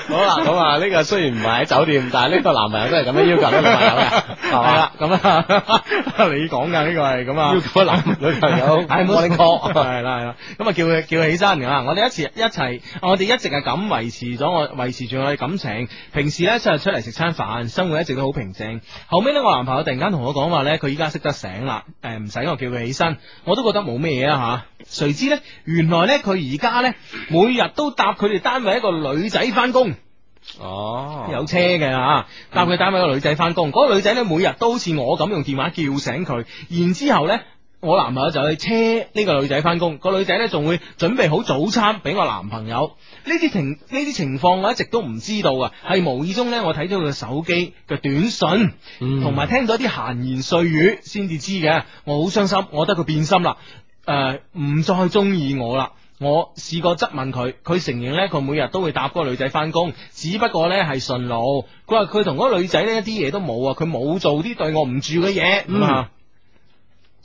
好啦，咁啊，呢個雖然唔係喺酒店，但係呢個男朋友都係咁樣要求，這個、要求女朋友嘅，係啦？咁啊，你講噶呢個係咁啊，要求男女朋友，係冇係啦係啦，咁啊叫佢叫佢起身啊！我哋一齊一齊，我哋一直係咁維持咗我維持住我哋感情。平時咧就係出嚟食餐飯，生活一直都好平靜。後尾呢，我男朋友突然間同我講話咧，佢依家識得醒啦，誒，唔使我叫佢起身，我都覺得冇咩嘢啊吓。誰知咧，原來咧佢而家咧每日都搭佢哋單位一個女仔翻工哦，有車嘅吓，搭佢單位個女仔翻工，嗰個女仔咧每日都似我咁用電話叫醒佢，然之後呢我男朋友就去車呢個女仔翻工，個女仔呢仲會準備好早餐俾我男朋友。呢啲情呢啲情況我一直都唔知道啊，係無意中呢。我睇到佢手機嘅短信，同埋聽到啲閒言碎語先至知嘅。我好傷心，我覺得佢變心啦，誒、呃，唔再中意我啦。我試過質問佢，佢承認咧，佢每日都會搭嗰個女仔翻工，只不過咧係順路。佢話佢同嗰個女仔咧一啲嘢都冇啊，佢冇做啲對我唔住嘅嘢。咁啊、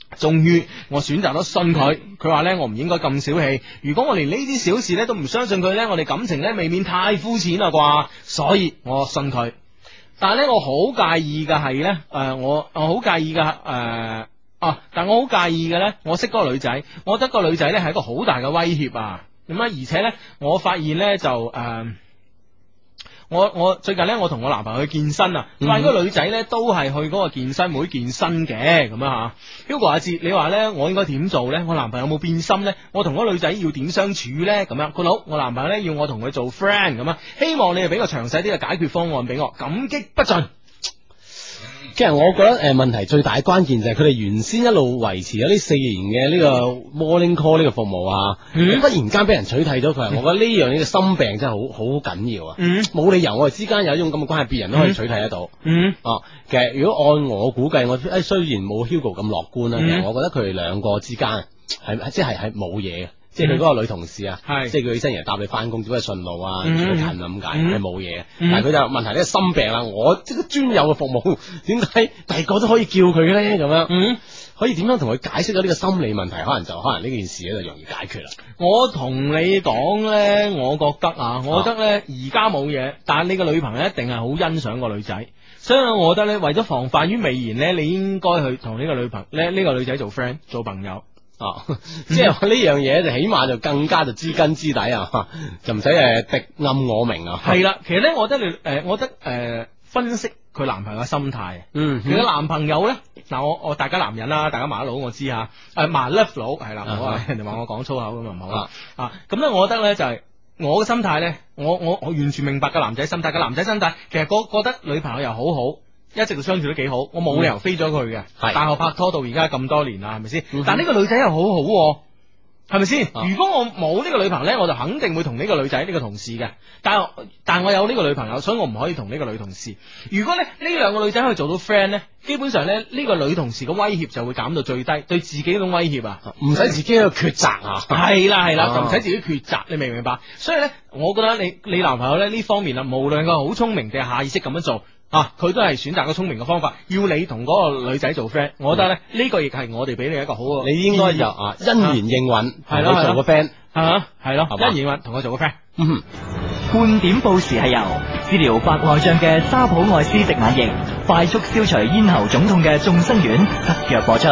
嗯，終於、嗯、我選擇咗信佢。佢話咧我唔應該咁小氣，如果我連呢啲小事咧都唔相信佢咧，我哋感情咧未免太膚淺啦啩。所以我信佢。但係咧我好介意嘅係咧，誒、呃、我我好介意嘅誒。呃啊、但我好介意嘅呢，我識嗰個女仔，我覺得個女仔呢係一個好大嘅威脅啊，咁啊，而且呢，我發現呢就誒、呃，我我最近呢，我同我男朋友去健身啊，發現嗰個女仔呢都係去嗰個健身會健身嘅，咁啊吓。Hugo 阿哲，你話呢，我應該點做呢？我男朋友有冇變心呢，我同個女仔要點相處呢？咁樣，佢佬，我男朋友呢要我同佢做 friend 咁啊，希望你哋俾個詳細啲嘅解決方案俾我，感激不盡。其實我覺得誒問題最大關鍵就係佢哋原先一路維持咗呢四年嘅呢個 morning call 呢個服務啊，咁忽、嗯、然間俾人取締咗佢，嗯、我覺得呢樣嘢心病真係好好緊要啊，冇、嗯、理由我哋之間有一種咁嘅關係，別人都可以取締得到，哦、嗯啊，其實如果按我估計，我誒雖然冇 Hugo 咁樂觀啦，嗯、我覺得佢哋兩個之間係即係係冇嘢嘅。即係佢嗰個女同事啊、嗯即，係即係佢起身原來搭你翻工，點解順路啊，住得近啊，咁解係冇嘢，但係佢就問題咧心病啦。嗯、我即專有嘅服務，點解第二個都可以叫佢咧？咁樣，嗯，可以點樣同佢解釋咗呢個心理問題？可能就可能呢件事咧就容易解決啦。我同你講咧，我覺得啊，我覺得咧而家冇嘢，但係你個女朋友一定係好欣賞個女仔，所以我覺得咧，為咗防範於未然咧，你應該去同呢個女朋咧呢、呢個女仔做 friend 做朋友。哦，即係呢樣嘢就是，起碼就更加就知根知底啊，就唔使誒敵暗我明啊。係啦，其實咧，我覺得你誒，我覺得誒，分析佢男朋友嘅心態。嗯哼。如果男朋友咧，嗱我我大家男人啦，大家麻老我知吓，誒麻 Left 佬係啦，老啊，人哋話我講粗口咁就唔好啦咁咧，啊啊，我覺得咧就係我嘅心態咧，我我我完全明白個男仔心態，個男仔心態其實我覺得女朋友又好好。一直都相處得幾好，我冇理由飛咗佢嘅。大學、嗯、拍拖到而家咁多年啦，係咪先？嗯、哼但呢個女仔又好好，係咪先？啊、如果我冇呢個女朋友呢，我就肯定會同呢個女仔呢、呢個同事嘅。但但我有呢個女朋友，所以我唔可以同呢個女同事。如果呢，呢兩個女仔可以做到 friend 呢，基本上呢，呢、呢個女同事嘅威脅就會減到最低，對自己嘅威脅啊，唔使自己去抉擇啊。係啦係啦，就唔使、啊、自己抉擇，你明唔明白？所以呢，我覺得你你男朋友呢，呢方面啊，無論佢好聰明定下意識咁樣做。啊！佢都係選擇個聰明嘅方法，要你同嗰個女仔做 friend。我覺得咧，呢、呢個亦係我哋俾你一個好。你應該就因啊，欣然應允，係咯，做個 friend 啊，係咯，欣然應允，同、啊、吧我做個 friend。嗯、哼半點報時係由治療白內障嘅沙普愛斯迪眼液、快速消除咽喉腫痛嘅眾生丸特約播出。